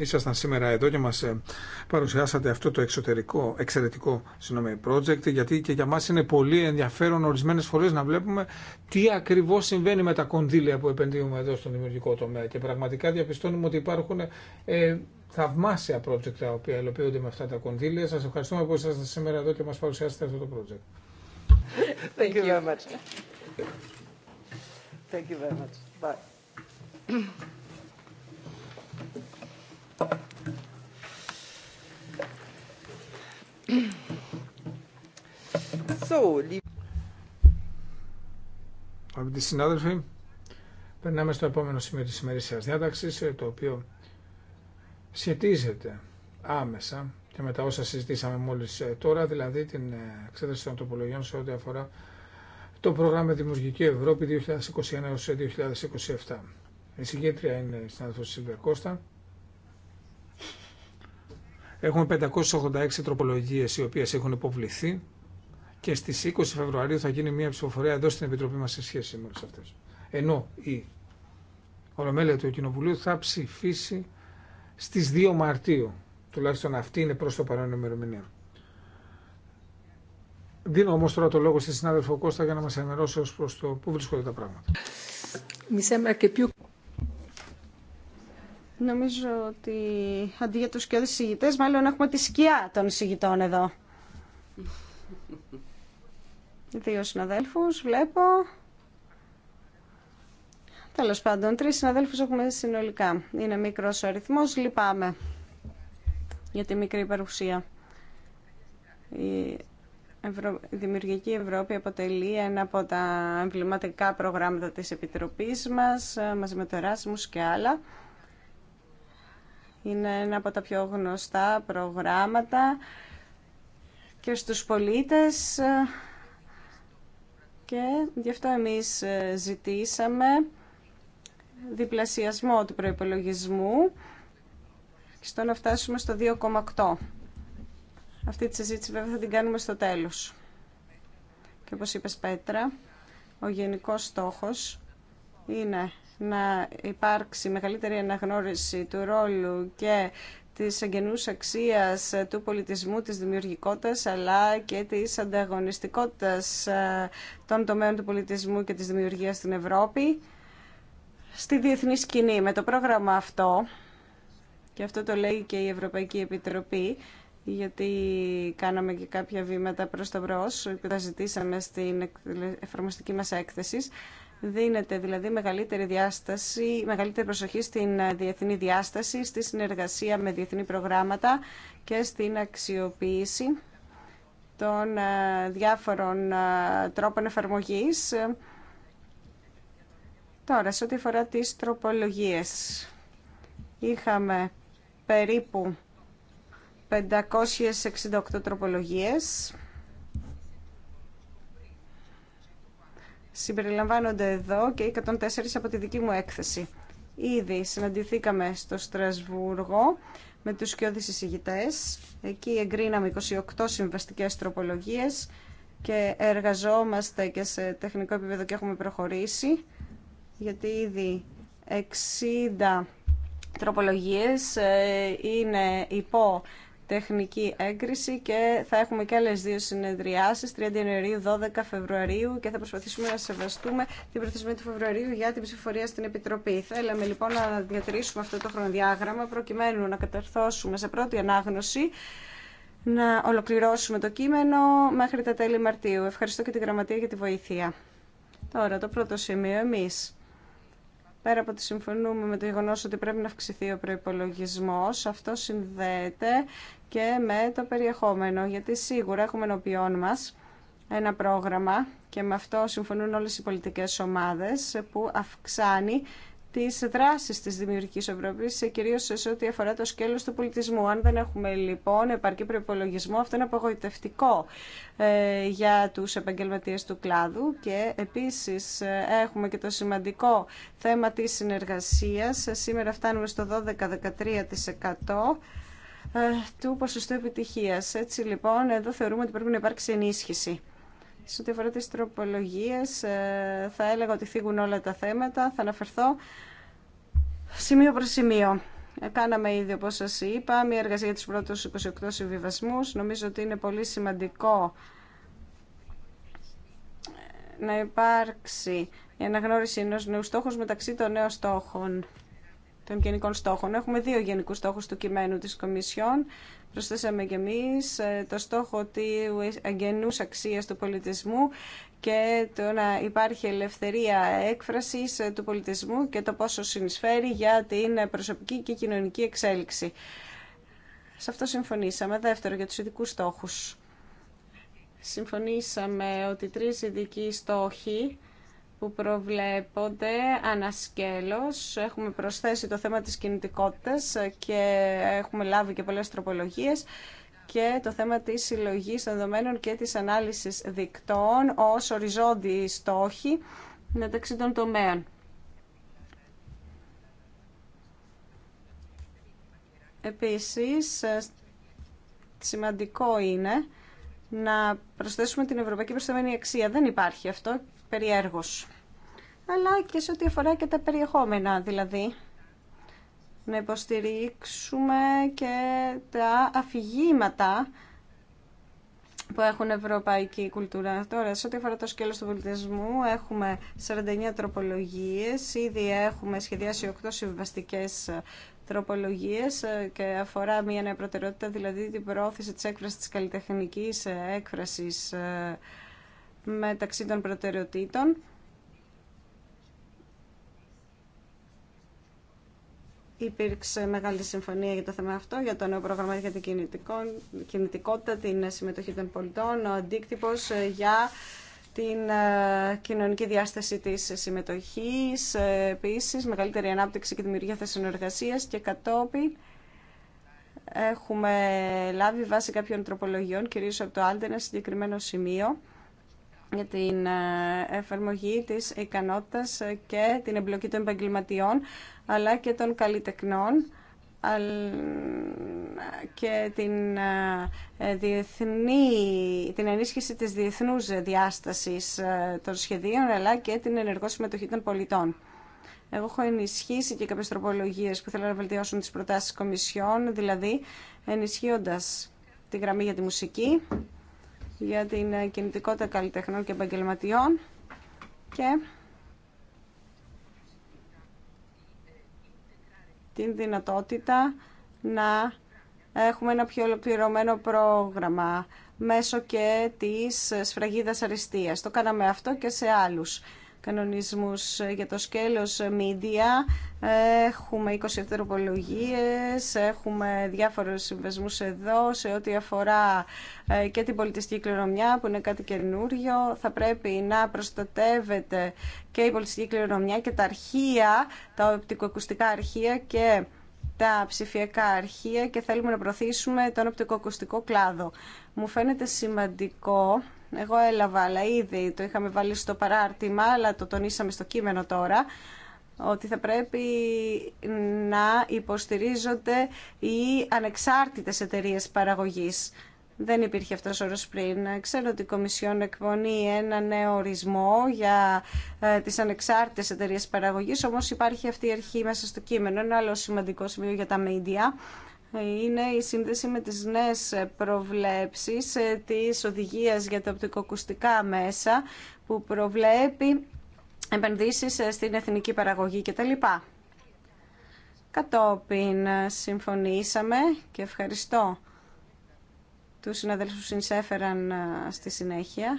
[SPEAKER 2] ήσασταν σήμερα εδώ και μας ε, παρουσιάσατε αυτό το εξωτερικό, εξαιρετικό συνομή, project γιατί και για μας είναι πολύ ενδιαφέρον ορισμένες φορές να βλέπουμε τι ακριβώς συμβαίνει με τα κονδύλια που επενδύουμε εδώ στον δημιουργικό τομέα και πραγματικά διαπιστώνουμε ότι υπάρχουν ε, θαυμάσια project τα οποία ελοποιούνται με αυτά τα κονδύλια. Σας ευχαριστούμε που ήσασταν σήμερα εδώ και μας παρουσιάσατε αυτό το project.
[SPEAKER 1] Thank you very much. Thank you very much. Bye.
[SPEAKER 2] Αγαπητοί συνάδελφοι, περνάμε στο επόμενο σημείο της σημερινής διάταξης, ε, το οποίο σχετίζεται άμεσα και με τα όσα συζητήσαμε μόλις ε, τώρα, δηλαδή την ε, εξέταση των τροπολογιών σε ό,τι αφορά το πρόγραμμα Δημιουργική Ευρώπη 2021-2027. Η συγκέντρια είναι η συνάδελφος Σίλβια Κώστα. Έχουμε 586 τροπολογίε οι οποίε έχουν υποβληθεί και στι 20 Φεβρουαρίου θα γίνει μια ψηφοφορία εδώ στην Επιτροπή μα σε σχέση με όλε αυτέ. Ενώ η Ολομέλεια του Κοινοβουλίου θα ψηφίσει στι 2 Μαρτίου. Τουλάχιστον αυτή είναι προ το παρόν ημερομηνία. Δίνω όμω τώρα το λόγο στη συνάδελφο Κώστα για να μα ενημερώσει ω προ το πού βρίσκονται τα πράγματα.
[SPEAKER 3] Νομίζω ότι αντί για τους σκιώδεις μάλλον έχουμε τη σκιά των συγητών εδώ. Δύο συναδέλφους, βλέπω. Τέλο πάντων, τρεις συναδέλφους έχουμε συνολικά. Είναι μικρός ο αριθμός, λυπάμαι για τη μικρή παρουσία. Η Ευρω... Δημιουργική Ευρώπη αποτελεί ένα από τα εμβληματικά προγράμματα της Επιτροπής μας, μαζί με το Εράσιμους και άλλα. Είναι ένα από τα πιο γνωστά προγράμματα και στους πολίτες ε, και γι' αυτό εμείς ε, ζητήσαμε διπλασιασμό του προϋπολογισμού στο να φτάσουμε στο 2,8. Αυτή τη συζήτηση βέβαια θα την κάνουμε στο τέλος. Και όπως είπες Πέτρα, ο γενικός στόχος είναι να υπάρξει μεγαλύτερη αναγνώριση του ρόλου και της εγγενούς αξίας του πολιτισμού, της δημιουργικότητας, αλλά και της ανταγωνιστικότητας ε, των τομέων του πολιτισμού και της δημιουργίας στην Ευρώπη στη διεθνή σκηνή. Με το πρόγραμμα αυτό, και αυτό το λέει και η Ευρωπαϊκή Επιτροπή, γιατί κάναμε και κάποια βήματα προς το μπρος που τα ζητήσαμε στην εφαρμοστική μας έκθεση. Δίνεται δηλαδή μεγαλύτερη, διάσταση, μεγαλύτερη προσοχή στην ε, διεθνή διάσταση, στη συνεργασία με διεθνή προγράμματα και στην αξιοποίηση των ε, διάφορων ε, τρόπων εφαρμογής. Τώρα, σε ό,τι αφορά τις τροπολογίες, είχαμε περίπου 568 τροπολογίες συμπεριλαμβάνονται εδώ και οι 104 από τη δική μου έκθεση. Ήδη συναντηθήκαμε στο Στρασβούργο με τους σκιώδεις εισηγητές. Εκεί εγκρίναμε 28 συμβαστικές τροπολογίες και εργαζόμαστε και σε τεχνικό επίπεδο και έχουμε προχωρήσει γιατί ήδη 60 τροπολογίες ε, είναι υπό τεχνική έγκριση και θα έχουμε και άλλε δύο συνεδριάσεις, 30 Ιανουαρίου, 12 Φεβρουαρίου και θα προσπαθήσουμε να σεβαστούμε την προθεσμία του Φεβρουαρίου για την ψηφορία στην Επιτροπή. Θέλαμε λοιπόν να διατηρήσουμε αυτό το χρονοδιάγραμμα προκειμένου να καταρθώσουμε σε πρώτη ανάγνωση να ολοκληρώσουμε το κείμενο μέχρι τα τέλη Μαρτίου. Ευχαριστώ και την Γραμματεία για τη βοήθεια. Τώρα το πρώτο σημείο εμείς Πέρα από ότι συμφωνούμε με το γεγονό ότι πρέπει να αυξηθεί ο προπολογισμό, αυτό συνδέεται και με το περιεχόμενο. Γιατί σίγουρα έχουμε ενωπιόν μα ένα πρόγραμμα και με αυτό συμφωνούν όλες οι πολιτικές ομάδες που αυξάνει τι δράσεις της Δημιουργικής Ευρώπης, κυρίω σε ό,τι αφορά το σκέλος του πολιτισμού. Αν δεν έχουμε λοιπόν επαρκή προπολογισμό, αυτό είναι απογοητευτικό ε, για τους επαγγελματίε του κλάδου και επίσης ε, έχουμε και το σημαντικό θέμα της συνεργασίας. Σήμερα φτάνουμε στο 12-13% ε, του ποσοστού επιτυχίας. Έτσι λοιπόν εδώ θεωρούμε ότι πρέπει να υπάρξει ενίσχυση. Σε ό,τι αφορά τις τροπολογίες, ε, θα έλεγα ότι θίγουν όλα τα θέματα. Θα αναφερθώ σημείο προς σημείο. Ε, κάναμε ήδη, όπως σας είπα, μια εργασία για τους πρώτους 28 συμβιβασμού. Νομίζω ότι είναι πολύ σημαντικό ε, να υπάρξει η αναγνώριση ενός νέου στόχου μεταξύ των νέων στόχων των γενικών στόχων. Έχουμε δύο γενικού στόχου του κειμένου τη Κομισιόν Προσθέσαμε και εμείς ε, το στόχο του αγγενούς αξίας του πολιτισμού και το να υπάρχει ελευθερία έκφρασης ε, του πολιτισμού και το πόσο συνεισφέρει για την ε, προσωπική και κοινωνική εξέλιξη. Σε αυτό συμφωνήσαμε. Δεύτερο, για τους ειδικού στόχους. Συμφωνήσαμε ότι τρεις ειδικοί στόχοι που προβλέπονται ανασκέλος. Έχουμε προσθέσει το θέμα της κινητικότητας και έχουμε λάβει και πολλές τροπολογίες και το θέμα της συλλογής των δεδομένων και της ανάλυσης δικτών ως οριζόντιοι στόχοι μεταξύ των τομέων. Επίσης, σημαντικό είναι να προσθέσουμε την ευρωπαϊκή προσταμένη αξία. Δεν υπάρχει αυτό περιέργως. Αλλά και σε ό,τι αφορά και τα περιεχόμενα, δηλαδή να υποστηρίξουμε και τα αφηγήματα που έχουν ευρωπαϊκή κουλτούρα. Τώρα, σε ό,τι αφορά το σκέλος του πολιτισμού, έχουμε 49 τροπολογίες. Ήδη έχουμε σχεδιάσει 8 συμβαστικές τροπολογίες και αφορά μια νέα προτεραιότητα, δηλαδή την προώθηση της έκφρασης της καλλιτεχνικής έκφρασης ε, μεταξύ των προτεραιοτήτων. Υπήρξε μεγάλη συμφωνία για το θέμα αυτό, για το νέο πρόγραμμα για την κινητικότητα, την συμμετοχή των πολιτών, ο αντίκτυπος ε, για την ε, κοινωνική διάσταση της συμμετοχής, ε, επίσης μεγαλύτερη ανάπτυξη και δημιουργία θέσεων εργασίας και κατόπιν έχουμε λάβει βάση κάποιων τροπολογιών, κυρίως από το Άλτενα, ένα συγκεκριμένο σημείο για την ε, εφαρμογή της ικανότητας και την εμπλοκή των επαγγελματιών αλλά και των καλλιτεχνών και την, ε, διεθνή, την ενίσχυση της διεθνούς διάστασης ε, των σχεδίων αλλά και την ενεργό συμμετοχή των πολιτών. Εγώ έχω ενισχύσει και κάποιες τροπολογίες που θέλω να βελτιώσουν τις προτάσεις Κομισιόν, δηλαδή ενισχύοντας τη γραμμή για τη μουσική, για την ε, κινητικότητα καλλιτεχνών και επαγγελματιών και την δυνατότητα να έχουμε ένα πιο ολοκληρωμένο πρόγραμμα μέσω και της σφραγίδας αριστείας. Το κάναμε αυτό και σε άλλους κανονισμούς για το σκέλος media. Έχουμε 20 ευτεροπολογίες, έχουμε διάφορους συμβεσμούς εδώ σε ό,τι αφορά ε, και την πολιτιστική κληρονομιά που είναι κάτι καινούριο. Θα πρέπει να προστατεύεται και η πολιτιστική κληρονομιά και τα αρχεία, τα οπτικοακουστικά αρχεία και τα ψηφιακά αρχεία και θέλουμε να προωθήσουμε τον οπτικοακουστικό κλάδο. Μου φαίνεται σημαντικό εγώ έλαβα, αλλά ήδη το είχαμε βάλει στο παράρτημα, αλλά το τονίσαμε στο κείμενο τώρα, ότι θα πρέπει να υποστηρίζονται οι ανεξάρτητες εταιρείες παραγωγής. Δεν υπήρχε αυτός ο όρος πριν. Ξέρω ότι η Κομισιόν εκπονεί ένα νέο ορισμό για ε, τις ανεξάρτητες εταιρείες παραγωγής, όμως υπάρχει αυτή η αρχή μέσα στο κείμενο. Ένα άλλο σημαντικό σημείο για τα media είναι η σύνδεση με τις νέες προβλέψεις ε, της οδηγίας για τα οπτικοκουστικά μέσα που προβλέπει επενδύσεις ε, στην εθνική παραγωγή κτλ. Κατόπιν ε, συμφωνήσαμε και ευχαριστώ τους συναδέλφους που συνσέφεραν στη συνέχεια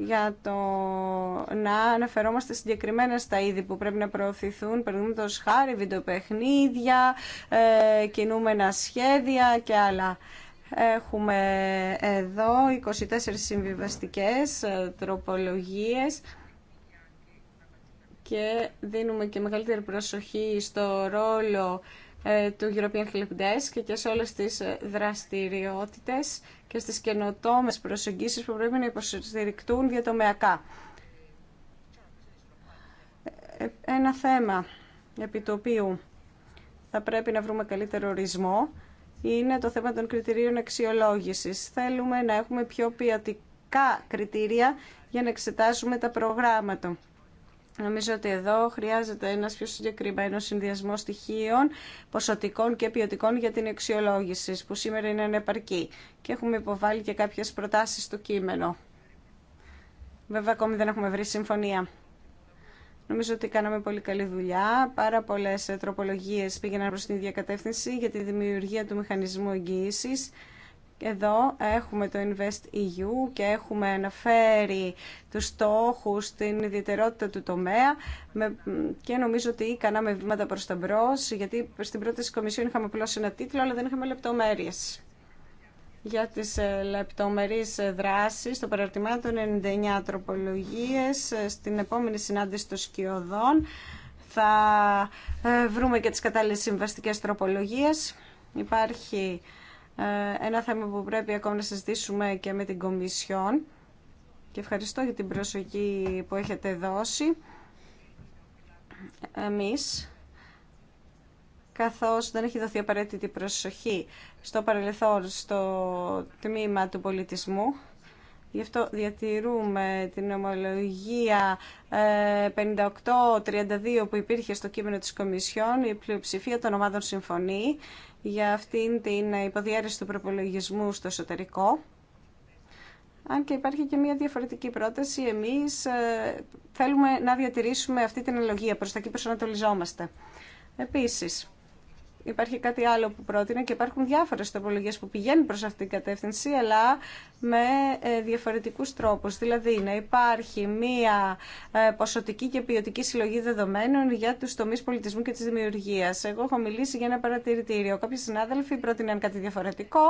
[SPEAKER 3] για το να αναφερόμαστε συγκεκριμένα στα είδη που πρέπει να προωθηθούν, παραδείγματο χάρη, βιντεοπαιχνίδια, ε, κινούμενα σχέδια και άλλα. Έχουμε εδώ 24 συμβιβαστικές ε, τροπολογίες και δίνουμε και μεγαλύτερη προσοχή στο ρόλο ε, του European Help Desk και σε όλες τις ε, δραστηριότητες και στις καινοτόμε προσεγγίσεις που πρέπει να υποστηρικτούν διατομεακά. Ε, ένα θέμα επί το οποίο θα πρέπει να βρούμε καλύτερο ορισμό είναι το θέμα των κριτηρίων αξιολόγησης. Θέλουμε να έχουμε πιο πιατικά κριτήρια για να εξετάσουμε τα προγράμματα. Νομίζω ότι εδώ χρειάζεται ένας πιο συγκεκριμένος συνδυασμός στοιχείων, ποσοτικών και ποιοτικών για την αξιολόγηση, που σήμερα είναι ανεπαρκή. Και έχουμε υποβάλει και κάποιες προτάσεις στο κείμενο. Βέβαια, ακόμη δεν έχουμε βρει συμφωνία. Νομίζω ότι κάναμε πολύ καλή δουλειά. Πάρα πολλές τροπολογίες πήγαιναν προς την ίδια κατεύθυνση για τη δημιουργία του μηχανισμού εγγύησης. Εδώ έχουμε το Invest EU και έχουμε αναφέρει τους στόχους, στην ιδιαιτερότητα του τομέα και νομίζω ότι κάναμε βήματα προς τα μπρος, γιατί στην πρώτη πρόταση Κομισιόν είχαμε απλώς ένα τίτλο, αλλά δεν είχαμε λεπτομέρειες για τις ε, λεπτομερείς ε, δράσεις το παραρτημά 99 τροπολογίες ε, στην επόμενη συνάντηση των σκιωδών θα βρούμε και τις κατάλληλες συμβαστικές τροπολογίες υπάρχει ε, ένα θέμα που πρέπει ακόμα να συζητήσουμε και με την Κομισιόν και ευχαριστώ για την προσοχή που έχετε δώσει εμείς καθώς δεν έχει δοθεί απαραίτητη προσοχή στο παρελθόν στο τμήμα του πολιτισμού Γι' αυτό διατηρούμε την ομολογία 58-32 ε, που υπήρχε στο κείμενο της Κομισιόν. Η πλειοψηφία των ομάδων συμφωνεί για αυτήν την υποδιέρεση του προπολογισμού στο εσωτερικό. Αν και υπάρχει και μια διαφορετική πρόταση, εμείς ε, θέλουμε να διατηρήσουμε αυτή την αλλογία, προς τα εκεί Επίσης, υπάρχει κάτι άλλο που πρότεινε και υπάρχουν διάφορε τοπολογίε που πηγαίνουν προ αυτήν την κατεύθυνση αλλά με ε, διαφορετικού τρόπου. Δηλαδή να υπάρχει μία ε, ποσοτική και ποιοτική συλλογή δεδομένων για του τομεί πολιτισμού και τη δημιουργία. Εγώ έχω μιλήσει για ένα παρατηρητήριο. Κάποιοι συνάδελφοι πρότειναν κάτι διαφορετικό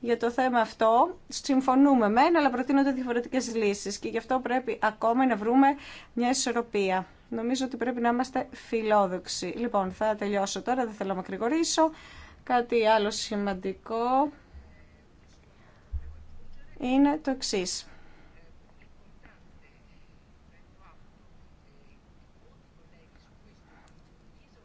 [SPEAKER 3] για το θέμα αυτό. Συμφωνούμε μεν αλλά προτείνονται διαφορετικέ λύσει, και γι' αυτό πρέπει ακόμα να βρούμε μια ισορροπία. Νομίζω ότι πρέπει να είμαστε φιλόδοξοι. Λοιπόν, θα τελειώσω τώρα, δεν θέλω να μακρηγορήσω. Κάτι άλλο σημαντικό είναι το εξή.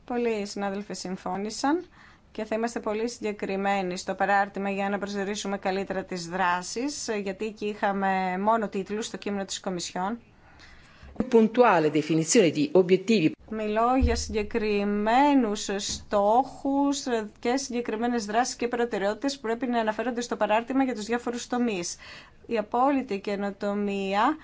[SPEAKER 3] Πολλοί συνάδελφοι συμφώνησαν και θα είμαστε πολύ συγκεκριμένοι στο παράρτημα για να προσδιορίσουμε καλύτερα τις δράσεις, γιατί εκεί είχαμε μόνο τίτλους στο κείμενο της Κομισιόν. Μιλώ για συγκεκριμένου στόχου και συγκεκριμένε δράσει και προτεραιότητε που πρέπει να αναφέρονται στο παράρτημα για του διάφορου τομεί. Η απόλυτη καινοτομία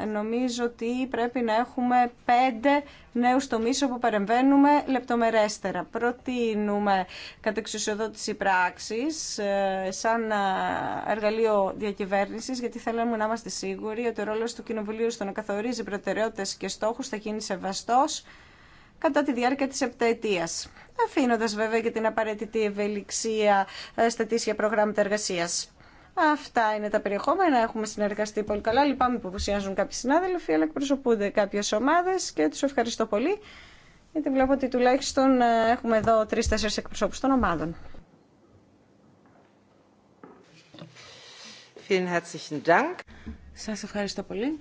[SPEAKER 3] ε, νομίζω ότι πρέπει να έχουμε πέντε νέους τομείς όπου παρεμβαίνουμε λεπτομερέστερα. Προτείνουμε κατεξουσιοδότηση πράξης ε, σαν ε, εργαλείο διακυβέρνησης, γιατί θέλουμε να είμαστε σίγουροι ότι ο ρόλος του Κοινοβουλίου στο να καθορίζει προτεραιότητες και στόχους θα γίνει σεβαστός κατά τη διάρκεια της επταετίας, αφήνοντας βέβαια και την απαραίτητη ευελιξία στα τίσια προγράμματα εργασίας. Αυτά είναι τα περιεχόμενα. Έχουμε συνεργαστεί πολύ καλά. Λυπάμαι που απουσιάζουν κάποιοι συνάδελφοι, αλλά εκπροσωπούνται κάποιε ομάδε και του ευχαριστώ πολύ. Γιατί βλέπω ότι τουλάχιστον ε, έχουμε εδώ τρει-τέσσερι εκπροσώπου των ομάδων.
[SPEAKER 1] Σας ευχαριστώ πολύ.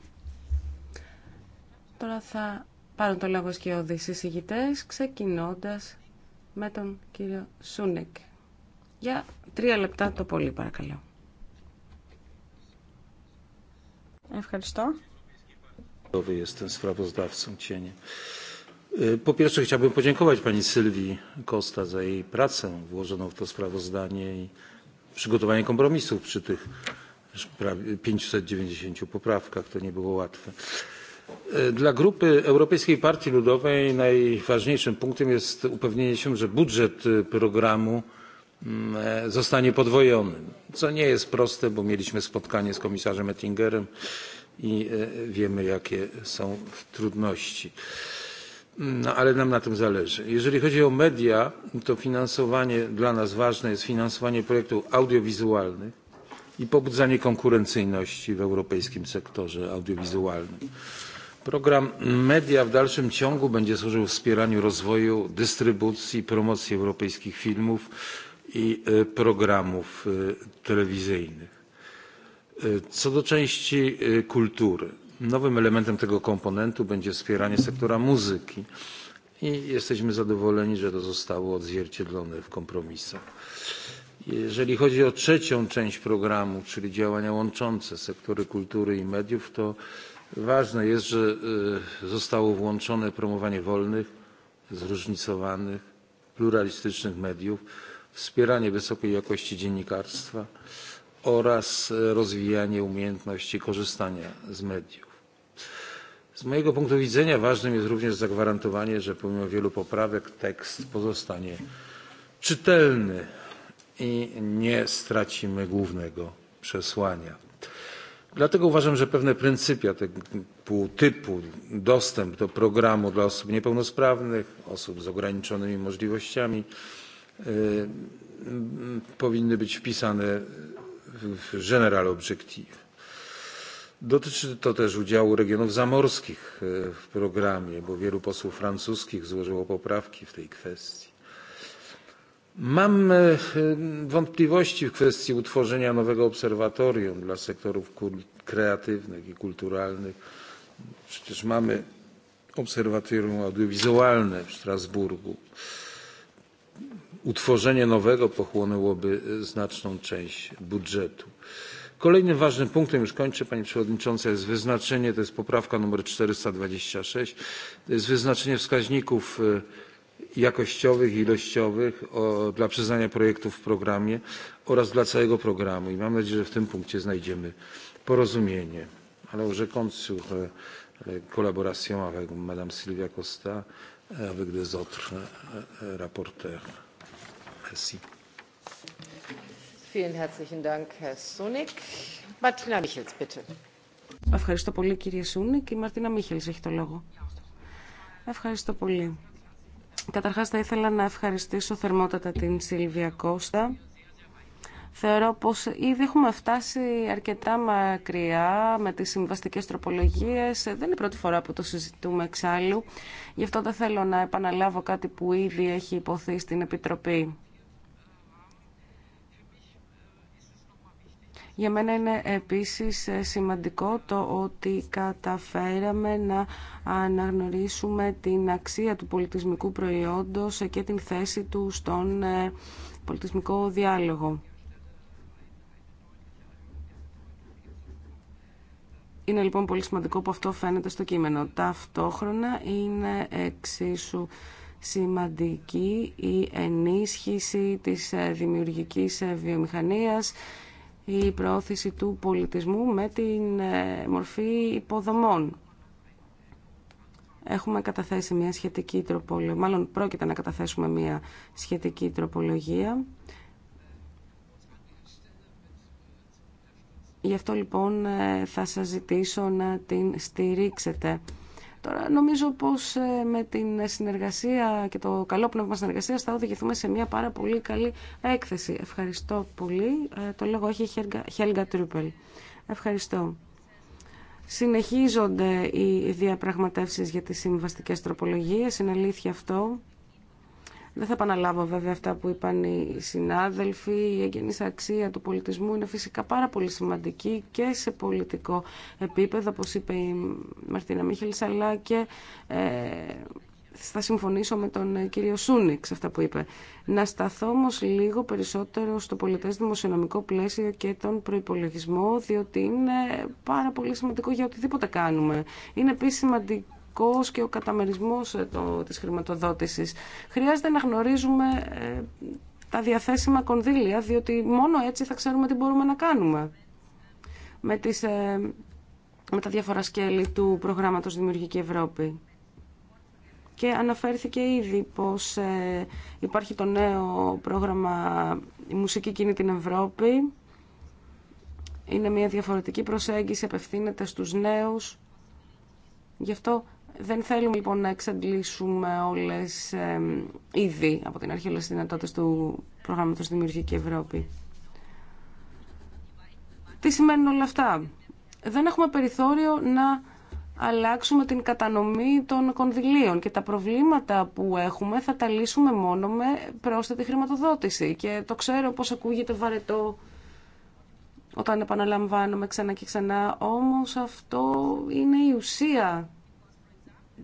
[SPEAKER 1] Τώρα θα πάρουν το λόγο και οι συζητητέ, ξεκινώντας με τον κύριο Σούνεκ. Για τρία λεπτά το πολύ, παρακαλώ. Ευχαριστώ.
[SPEAKER 4] Po pierwsze chciałbym podziękować pani Sylwii Costa za jej pracę włożoną w to sprawozdanie i przygotowanie kompromisów przy tych 590 poprawkach. To nie było łatwe. Dla Grupy Europejskiej Partii Ludowej najważniejszym punktem jest upewnienie się, że budżet programu zostanie podwojony co nie jest proste bo mieliśmy spotkanie z komisarzem oettingerem i wiemy jakie są trudności ale nam na tym zależy. jeżeli chodzi o media to finansowanie dla nas ważne jest finansowanie projektów audiowizualnych i pobudzanie konkurencyjności w europejskim sektorze audiowizualnym. program media w dalszym ciągu będzie służył wspieraniu rozwoju dystrybucji promocji europejskich filmów i programów telewizyjnych. Co do części kultury, nowym elementem tego komponentu będzie wspieranie sektora muzyki i jesteśmy zadowoleni, że to zostało odzwierciedlone w kompromisach. Jeżeli chodzi o trzecią część programu, czyli działania łączące sektory kultury i mediów, to ważne jest, że zostało włączone promowanie wolnych, zróżnicowanych, pluralistycznych mediów wspieranie wysokiej jakości dziennikarstwa oraz rozwijanie umiejętności korzystania z mediów. Z mojego punktu widzenia ważnym jest również zagwarantowanie, że pomimo wielu poprawek tekst pozostanie czytelny i nie stracimy głównego przesłania. Dlatego uważam, że pewne pryncypia typu dostęp do programu dla osób niepełnosprawnych, osób z ograniczonymi możliwościami powinny być wpisane w general objective. Dotyczy to też udziału regionów zamorskich w programie, bo wielu posłów francuskich złożyło poprawki w tej kwestii. Mam wątpliwości w kwestii utworzenia nowego obserwatorium dla sektorów kreatywnych i kulturalnych. Przecież mamy obserwatorium audiowizualne w Strasburgu utworzenie nowego pochłonęłoby znaczną część budżetu. Kolejnym ważnym punktem, już kończę Pani Przewodnicząca, jest wyznaczenie, to jest poprawka numer 426, to jest wyznaczenie wskaźników jakościowych i ilościowych dla przyznania projektów w programie oraz dla całego programu. I mam nadzieję, że w tym punkcie znajdziemy porozumienie. Ale je compte kolaboracją la collaboration avec Madame Sylvia Costa et avec des autres rapporteurs.
[SPEAKER 1] Ευχαριστώ πολύ κύριε Σουνικ και η Μαρτίνα Μίχελς έχει το λόγο. Ευχαριστώ πολύ. Καταρχάς θα ήθελα να ευχαριστήσω θερμότατα την Σίλβια Κώστα. Θεωρώ πως ήδη έχουμε φτάσει αρκετά μακριά με τις συμβαστικές τροπολογίες. Δεν είναι η πρώτη φορά που το συζητούμε εξάλλου. Γι' αυτό δεν θέλω να επαναλάβω κάτι που ήδη έχει υποθεί στην Επιτροπή. Για μένα είναι επίσης ε, σημαντικό το ότι καταφέραμε να αναγνωρίσουμε την αξία του πολιτισμικού προϊόντος ε, και την θέση του στον ε, πολιτισμικό διάλογο. Είναι λοιπόν πολύ σημαντικό που αυτό φαίνεται στο κείμενο. Ταυτόχρονα είναι εξίσου σημαντική η ενίσχυση της δημιουργικής βιομηχανίας η προώθηση του πολιτισμού με την ε, μορφή υποδομών. Έχουμε καταθέσει μια σχετική τροπολογία, μάλλον πρόκειται να καταθέσουμε μια σχετική τροπολογία. Γι' αυτό λοιπόν ε, θα σας ζητήσω να την στηρίξετε. Τώρα νομίζω πως ε, με την συνεργασία και το καλό πνεύμα συνεργασία θα οδηγηθούμε σε μια πάρα πολύ καλή έκθεση. Ευχαριστώ πολύ. Ε, το λέγω έχει Χέλγα Τρούπελ. Ευχαριστώ. Συνεχίζονται οι διαπραγματεύσεις για τις συμβαστικές τροπολογίες, είναι αλήθεια αυτό. Δεν θα επαναλάβω βέβαια αυτά που είπαν οι συνάδελφοι. Η εγγενής αξία του πολιτισμού είναι φυσικά πάρα πολύ σημαντική και σε πολιτικό επίπεδο, όπως είπε η Μαρτίνα Μίχελ αλλά και ε, θα συμφωνήσω με τον κύριο Σούνιξ αυτά που είπε. Να σταθώ όμω λίγο περισσότερο στο πολιτέ δημοσιονομικό πλαίσιο και τον προπολογισμό, διότι είναι πάρα πολύ σημαντικό για οτιδήποτε κάνουμε. Είναι επίση σημαντικό και ο καταμερισμός ε, το, της χρηματοδότησης. Χρειάζεται να γνωρίζουμε ε, τα διαθέσιμα κονδύλια, διότι μόνο έτσι θα ξέρουμε τι μπορούμε να κάνουμε. Με, τις, ε, με τα διάφορα σκέλη του προγράμματος Δημιουργική Ευρώπη. Και αναφέρθηκε ήδη πως υπάρχει το νέο πρόγραμμα «Η μουσική Κίνη την Ευρώπη». Είναι μια διαφορετική προσέγγιση, απευθύνεται στους νέους. Γι' αυτό δεν θέλουμε λοιπόν να εξαντλήσουμε όλες ε, ήδη από την αρχή όλε τι δυνατότητε του προγράμματο Δημιουργική Ευρώπη. Τι σημαίνουν όλα αυτά. Δεν έχουμε περιθώριο να αλλάξουμε την κατανομή των κονδυλίων και τα προβλήματα που έχουμε θα τα λύσουμε μόνο με πρόσθετη χρηματοδότηση. Και το ξέρω πως ακούγεται βαρετό όταν επαναλαμβάνομαι ξανά και ξανά, όμως αυτό είναι η ουσία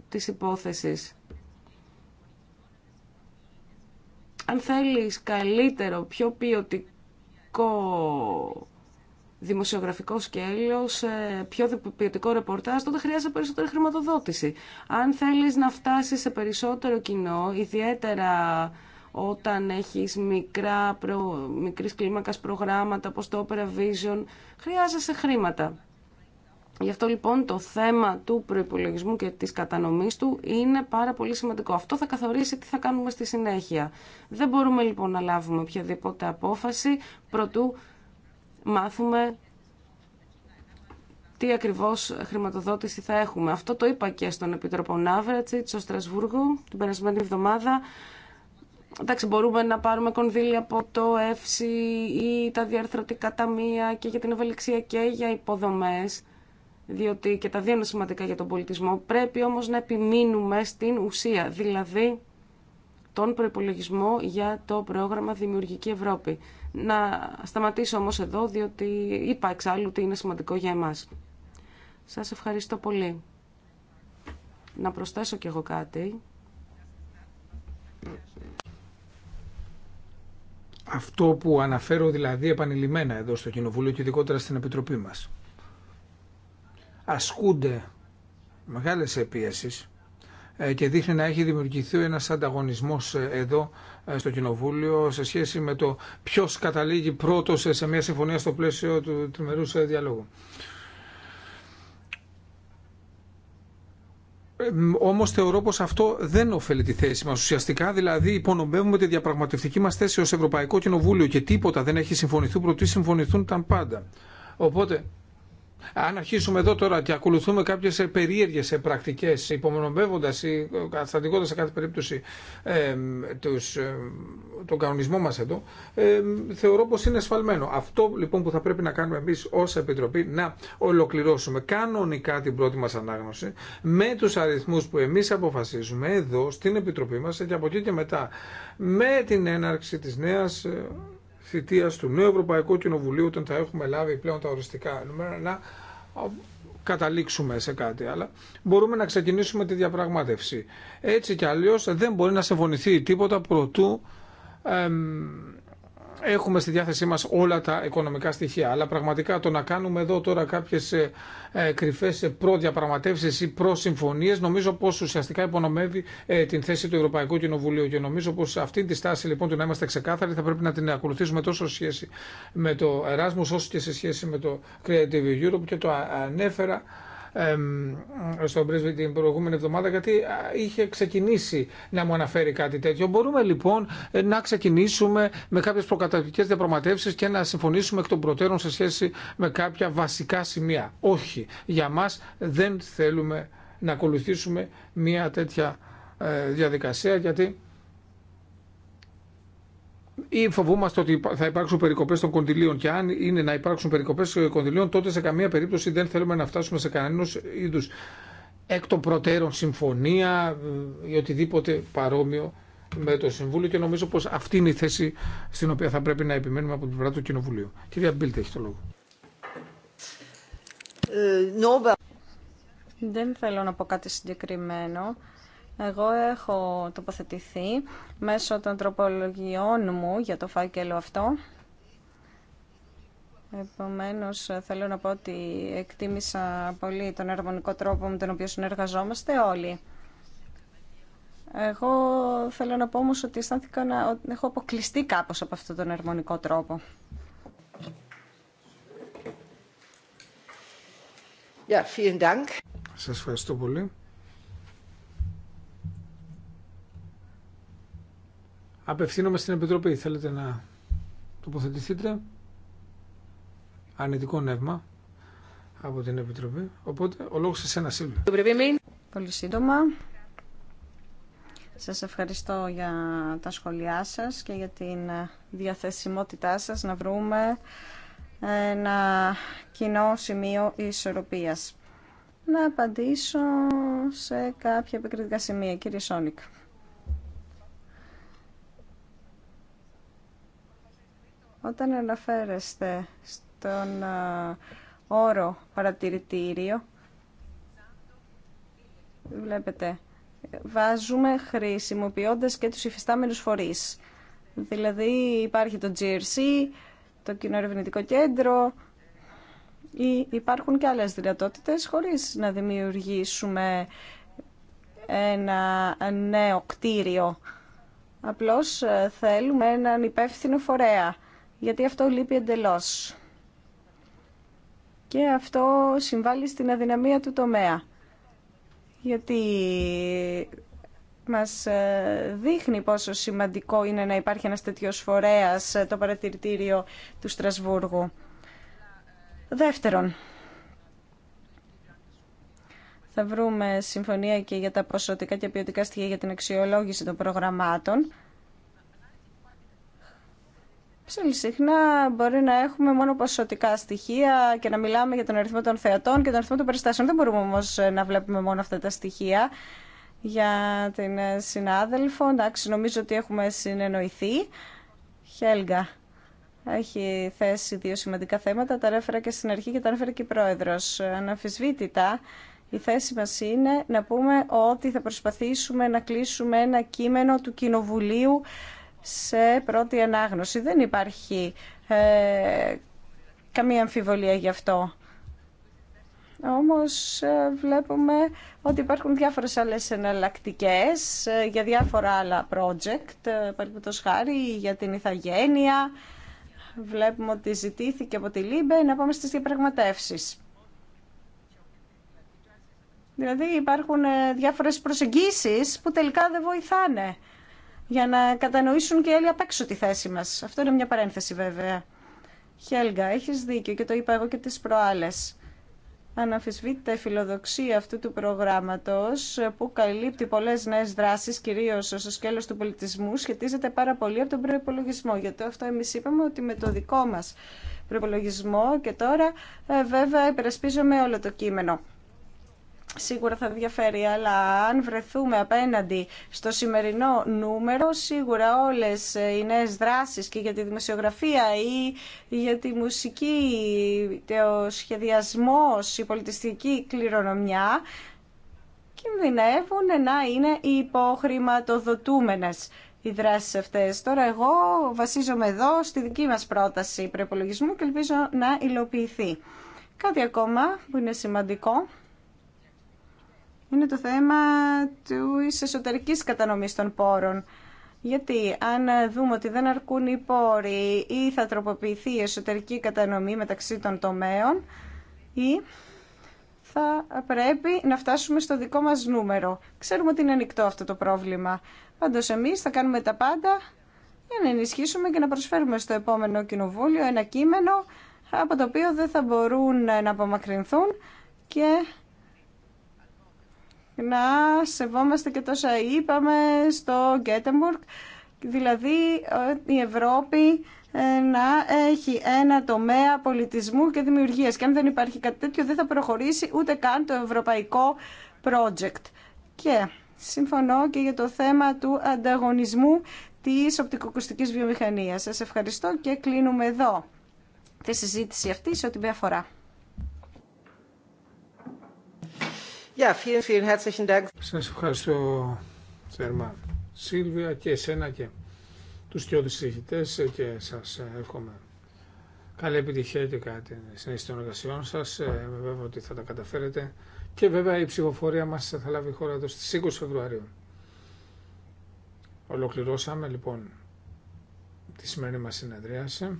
[SPEAKER 1] της υπόθεσης. Αν θέλεις καλύτερο, πιο ποιοτικό δημοσιογραφικό σκέλος, ε, πιο ποιοτικό ρεπορτάζ, τότε χρειάζεται περισσότερη χρηματοδότηση. Αν θέλεις να φτάσεις σε περισσότερο κοινό, ιδιαίτερα όταν έχεις μικρά προ... μικρής κλίμακας προγράμματα όπως το Opera Vision, χρειάζεσαι χρήματα. Γι' αυτό λοιπόν το θέμα του προπολογισμού και της κατανομής του είναι πάρα πολύ σημαντικό. Αυτό θα καθορίσει τι θα κάνουμε στη συνέχεια. Δεν μπορούμε λοιπόν να λάβουμε οποιαδήποτε απόφαση προτού μάθουμε τι ακριβώς χρηματοδότηση θα έχουμε. Αυτό το είπα και στον Επιτροπό Ναύρατσι, στο Στρασβούργο, την περασμένη εβδομάδα. Εντάξει, μπορούμε να πάρουμε κονδύλια από το ΕΦΣΥ ή τα διαρθρωτικά ταμεία και για την ευελιξία και για υποδομές διότι και τα δύο είναι σημαντικά για τον πολιτισμό. Πρέπει όμως να επιμείνουμε στην ουσία, δηλαδή τον προπολογισμό για το πρόγραμμα Δημιουργική Ευρώπη. Να σταματήσω όμως εδώ, διότι είπα εξάλλου ότι είναι σημαντικό για εμάς. Σας ευχαριστώ πολύ. Να προσθέσω κι εγώ κάτι.
[SPEAKER 2] Αυτό που αναφέρω δηλαδή επανειλημμένα εδώ στο Κοινοβούλιο και ειδικότερα στην Επιτροπή μας ασκούνται μεγάλες επίεσεις ε, και δείχνει να έχει δημιουργηθεί ένας ανταγωνισμός ε, εδώ ε, στο Κοινοβούλιο σε σχέση με το ποιος καταλήγει πρώτος σε μια συμφωνία στο πλαίσιο του τριμερούς διαλόγου. Όμω θεωρώ πω αυτό δεν ωφελεί τη θέση μα. Ουσιαστικά δηλαδή υπονομεύουμε τη διαπραγματευτική μα θέση ω Ευρωπαϊκό Κοινοβούλιο και τίποτα δεν έχει συμφωνηθεί προτού συμφωνηθούν τα πάντα. Οπότε αν αρχίσουμε εδώ τώρα και ακολουθούμε κάποιε περίεργε ε, πρακτικέ, υπομονωπεύοντα ή ε, καταστατικώντα σε κάθε περίπτωση ε, τους, τον κανονισμό μα εδώ, θεωρώ πω είναι σφαλμένο. Αυτό λοιπόν που θα πρέπει να κάνουμε εμεί ω Επιτροπή, να ολοκληρώσουμε κανονικά την πρώτη μα ανάγνωση με του αριθμού που εμεί αποφασίζουμε εδώ στην Επιτροπή μα και από εκεί και μετά με την έναρξη τη νέα ε, θητείας του νέου Ευρωπαϊκού Κοινοβουλίου όταν θα έχουμε λάβει πλέον τα οριστικά νούμερα να καταλήξουμε σε κάτι, αλλά μπορούμε να ξεκινήσουμε τη διαπραγμάτευση. Έτσι κι αλλιώς δεν μπορεί να συμφωνηθεί τίποτα προτού εμ, έχουμε στη διάθεσή μας όλα τα οικονομικά στοιχεία. Αλλά πραγματικά το να κάνουμε εδώ τώρα κάποιες ε, ε, κρυφές ε, προδιαπραγματεύσεις ή προσυμφωνίες νομίζω πως ουσιαστικά υπονομεύει την θέση του Ευρωπαϊκού Κοινοβουλίου και νομίζω πως αυτή τη στάση λοιπόν του να είμαστε ξεκάθαροι θα πρέπει να την ακολουθήσουμε τόσο σε σχέση με το Erasmus όσο και σε σχέση με το Creative Europe και το ανέφερα στον πρέσβη την προηγούμενη εβδομάδα γιατί είχε ξεκινήσει να μου αναφέρει κάτι τέτοιο. Μπορούμε λοιπόν ε, να ξεκινήσουμε με κάποιε προκαταρκτικέ διαπραγματεύσει και να συμφωνήσουμε εκ των προτέρων σε σχέση με κάποια βασικά σημεία. Όχι. Για μα δεν θέλουμε να ακολουθήσουμε μια τέτοια ε, διαδικασία γιατί ή φοβούμαστε ότι θα υπάρξουν περικοπέ των κοντιλίων. Και αν είναι να υπάρξουν περικοπέ ε, κοντιλίων, τότε σε καμία περίπτωση δεν θέλουμε να φτάσουμε σε κανένα είδου εκ των προτέρων συμφωνία ε, ή οτιδήποτε παρόμοιο με το Συμβούλιο και νομίζω πως αυτή είναι η θέση στην οποία θα πρέπει να επιμένουμε από την πλευρά του Κοινοβουλίου. Κυρία Μπίλτε, έχει το λόγο.
[SPEAKER 3] Ε, δεν θέλω να πω κάτι συγκεκριμένο. Εγώ έχω τοποθετηθεί μέσω των τροπολογιών μου για το φάκελο αυτό. Επομένως, θέλω να πω ότι εκτίμησα πολύ τον αρμονικό τρόπο με τον οποίο συνεργαζόμαστε όλοι. Εγώ θέλω να πω όμως ότι αισθάνθηκα να έχω αποκλειστεί κάπως από αυτόν τον αρμονικό τρόπο.
[SPEAKER 1] Σα
[SPEAKER 2] Σας ευχαριστώ πολύ. Απευθύνομαι στην Επιτροπή. Θέλετε να τοποθετηθείτε. Αρνητικό νεύμα από την Επιτροπή. Οπότε, ο λόγος σε ένα Σίλβια.
[SPEAKER 3] Πολύ σύντομα. Σας ευχαριστώ για τα σχόλιά σας και για την διαθεσιμότητά σας να βρούμε ένα κοινό σημείο ισορροπίας. Να απαντήσω σε κάποια επικριτικά σημεία, κύριε Σόνικ. Όταν αναφέρεστε στον όρο παρατηρητήριο, βλέπετε, βάζουμε χρησιμοποιώντας και τους υφιστάμενους φορείς. Δηλαδή υπάρχει το GRC, το Κοινοερευνητικό Κέντρο, ή υπάρχουν και άλλες δυνατότητες χωρίς να δημιουργήσουμε ένα νέο κτίριο. Απλώς ε, θέλουμε έναν υπεύθυνο φορέα γιατί αυτό λείπει εντελώς. Και αυτό συμβάλλει στην αδυναμία του τομέα. Γιατί μας ε, δείχνει πόσο σημαντικό είναι να υπάρχει ένας τέτοιος φορέας ε, το παρατηρητήριο του Στρασβούργου. Δεύτερον, θα βρούμε συμφωνία και για τα ποσοτικά και ποιοτικά στοιχεία για την αξιολόγηση των προγραμμάτων. Πολύ συχνά μπορεί να έχουμε μόνο ποσοτικά στοιχεία και να μιλάμε για τον αριθμό των θεατών και τον αριθμό των περιστάσεων. Δεν μπορούμε όμω ε, να βλέπουμε μόνο αυτά τα στοιχεία. Για την ε, συνάδελφο, εντάξει, νομίζω ότι έχουμε συνεννοηθεί. Χέλγα, έχει θέσει δύο σημαντικά θέματα. Τα έφερα και στην αρχή και τα έφερε και η πρόεδρο. Αναμφισβήτητα, η θέση μα είναι να πούμε ότι θα προσπαθήσουμε να κλείσουμε ένα κείμενο του Κοινοβουλίου σε πρώτη ανάγνωση. Δεν υπάρχει ε, καμία αμφιβολία γι' αυτό. Όμως ε, βλέπουμε ότι υπάρχουν διάφορες άλλες εναλλακτικέ ε, για διάφορα άλλα project, ε, το χάρη για την ηθαγένεια. Βλέπουμε ότι ζητήθηκε από τη Λίμπε να πάμε στις διαπραγματεύσεις. Δηλαδή υπάρχουν διάφορες προσεγγίσεις που τελικά δεν βοηθάνε για να κατανοήσουν και οι άλλοι απ' έξω τη θέση μας. Αυτό είναι μια παρένθεση βέβαια. Χέλγα, έχεις δίκιο και το είπα εγώ και τις προάλλες. Αναμφισβήτητα η φιλοδοξία αυτού του προγράμματος που καλύπτει πολλές νέες δράσεις, κυρίως στο σκέλος του πολιτισμού, σχετίζεται πάρα πολύ από τον προπολογισμό. Γιατί αυτό εμείς είπαμε ότι με το δικό μας προπολογισμό και τώρα ε, βέβαια υπερασπίζομαι όλο το κείμενο σίγουρα θα ενδιαφέρει, αλλά αν βρεθούμε απέναντι στο σημερινό νούμερο, σίγουρα όλες οι νέες δράσεις και για τη δημοσιογραφία ή για τη μουσική, ο σχεδιασμός, η πολιτιστική κληρονομιά, κινδυνεύουν να είναι υποχρηματοδοτούμενες οι δράσεις αυτές. Τώρα εγώ βασίζομαι εδώ στη δική μας πρόταση προπολογισμού και ελπίζω να υλοποιηθεί. Κάτι ακόμα που είναι σημαντικό είναι το θέμα της εσωτερικής κατανομής των πόρων. Γιατί αν δούμε ότι δεν αρκούν οι πόροι ή θα τροποποιηθεί η εσωτερική κατανομή μεταξύ των τομέων ή θα πρέπει να φτάσουμε στο δικό μας νούμερο. Ξέρουμε ότι είναι ανοιχτό αυτό το πρόβλημα. Πάντως εμείς θα κάνουμε τα πάντα για να ενισχύσουμε και να προσφέρουμε στο επόμενο κοινοβούλιο ένα κείμενο από το οποίο δεν θα μπορούν να απομακρυνθούν και να σεβόμαστε και τόσα είπαμε στο Γκέτεμπουργκ, δηλαδή ε, η Ευρώπη ε, να έχει ένα τομέα πολιτισμού και δημιουργίας. Και αν δεν υπάρχει κάτι τέτοιο δεν θα προχωρήσει ούτε καν το ευρωπαϊκό project. Και συμφωνώ και για το θέμα του ανταγωνισμού της οπτικοκουστικής βιομηχανίας. Σας ευχαριστώ και κλείνουμε εδώ τη συζήτηση αυτή σε ό,τι με αφορά. Ja, vielen, vielen herzlichen Dank.
[SPEAKER 2] Σας ευχαριστώ θερμά Σίλβια και εσένα και τους και όλους και σας εύχομαι καλή επιτυχία και κάτι συνέχιση των εργασιών σας. Ε, βέβαια ότι θα τα καταφέρετε και βέβαια η ψηφοφορία μας θα λάβει χώρα εδώ στις 20 Φεβρουαρίου. Ολοκληρώσαμε λοιπόν τη σημερινή μας συνεδρίαση.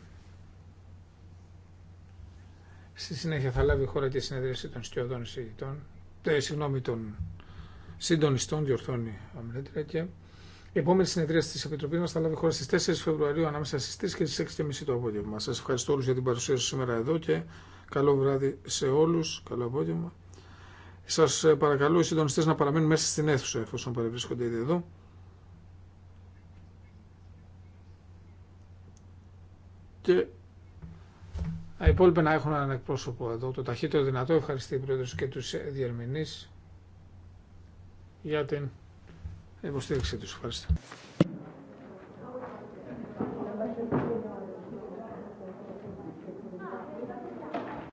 [SPEAKER 2] Στη συνέχεια θα λάβει χώρα και η συνεδρίαση των σκιωδών εισηγητών συγγνώμη, των συντονιστών, διορθώνει αμυνέτρια και η επόμενη συνεδρία τη Επιτροπή μα θα λάβει χώρα στι 4 Φεβρουαρίου ανάμεσα στι 3 και στι 6.30 το απόγευμα. Σα ευχαριστώ όλου για την παρουσία σας σήμερα εδώ και καλό βράδυ σε όλου. Καλό απόγευμα. Σα ε, παρακαλώ οι συντονιστέ να παραμείνουν μέσα στην αίθουσα εφόσον παρευρίσκονται ήδη εδώ. Και οι να έχουν έναν εκπρόσωπο εδώ. Το ταχύτερο δυνατό ευχαριστεί η Πρόεδρος και τους ε, διερμηνείς για την υποστήριξή τους. Ευχαριστώ.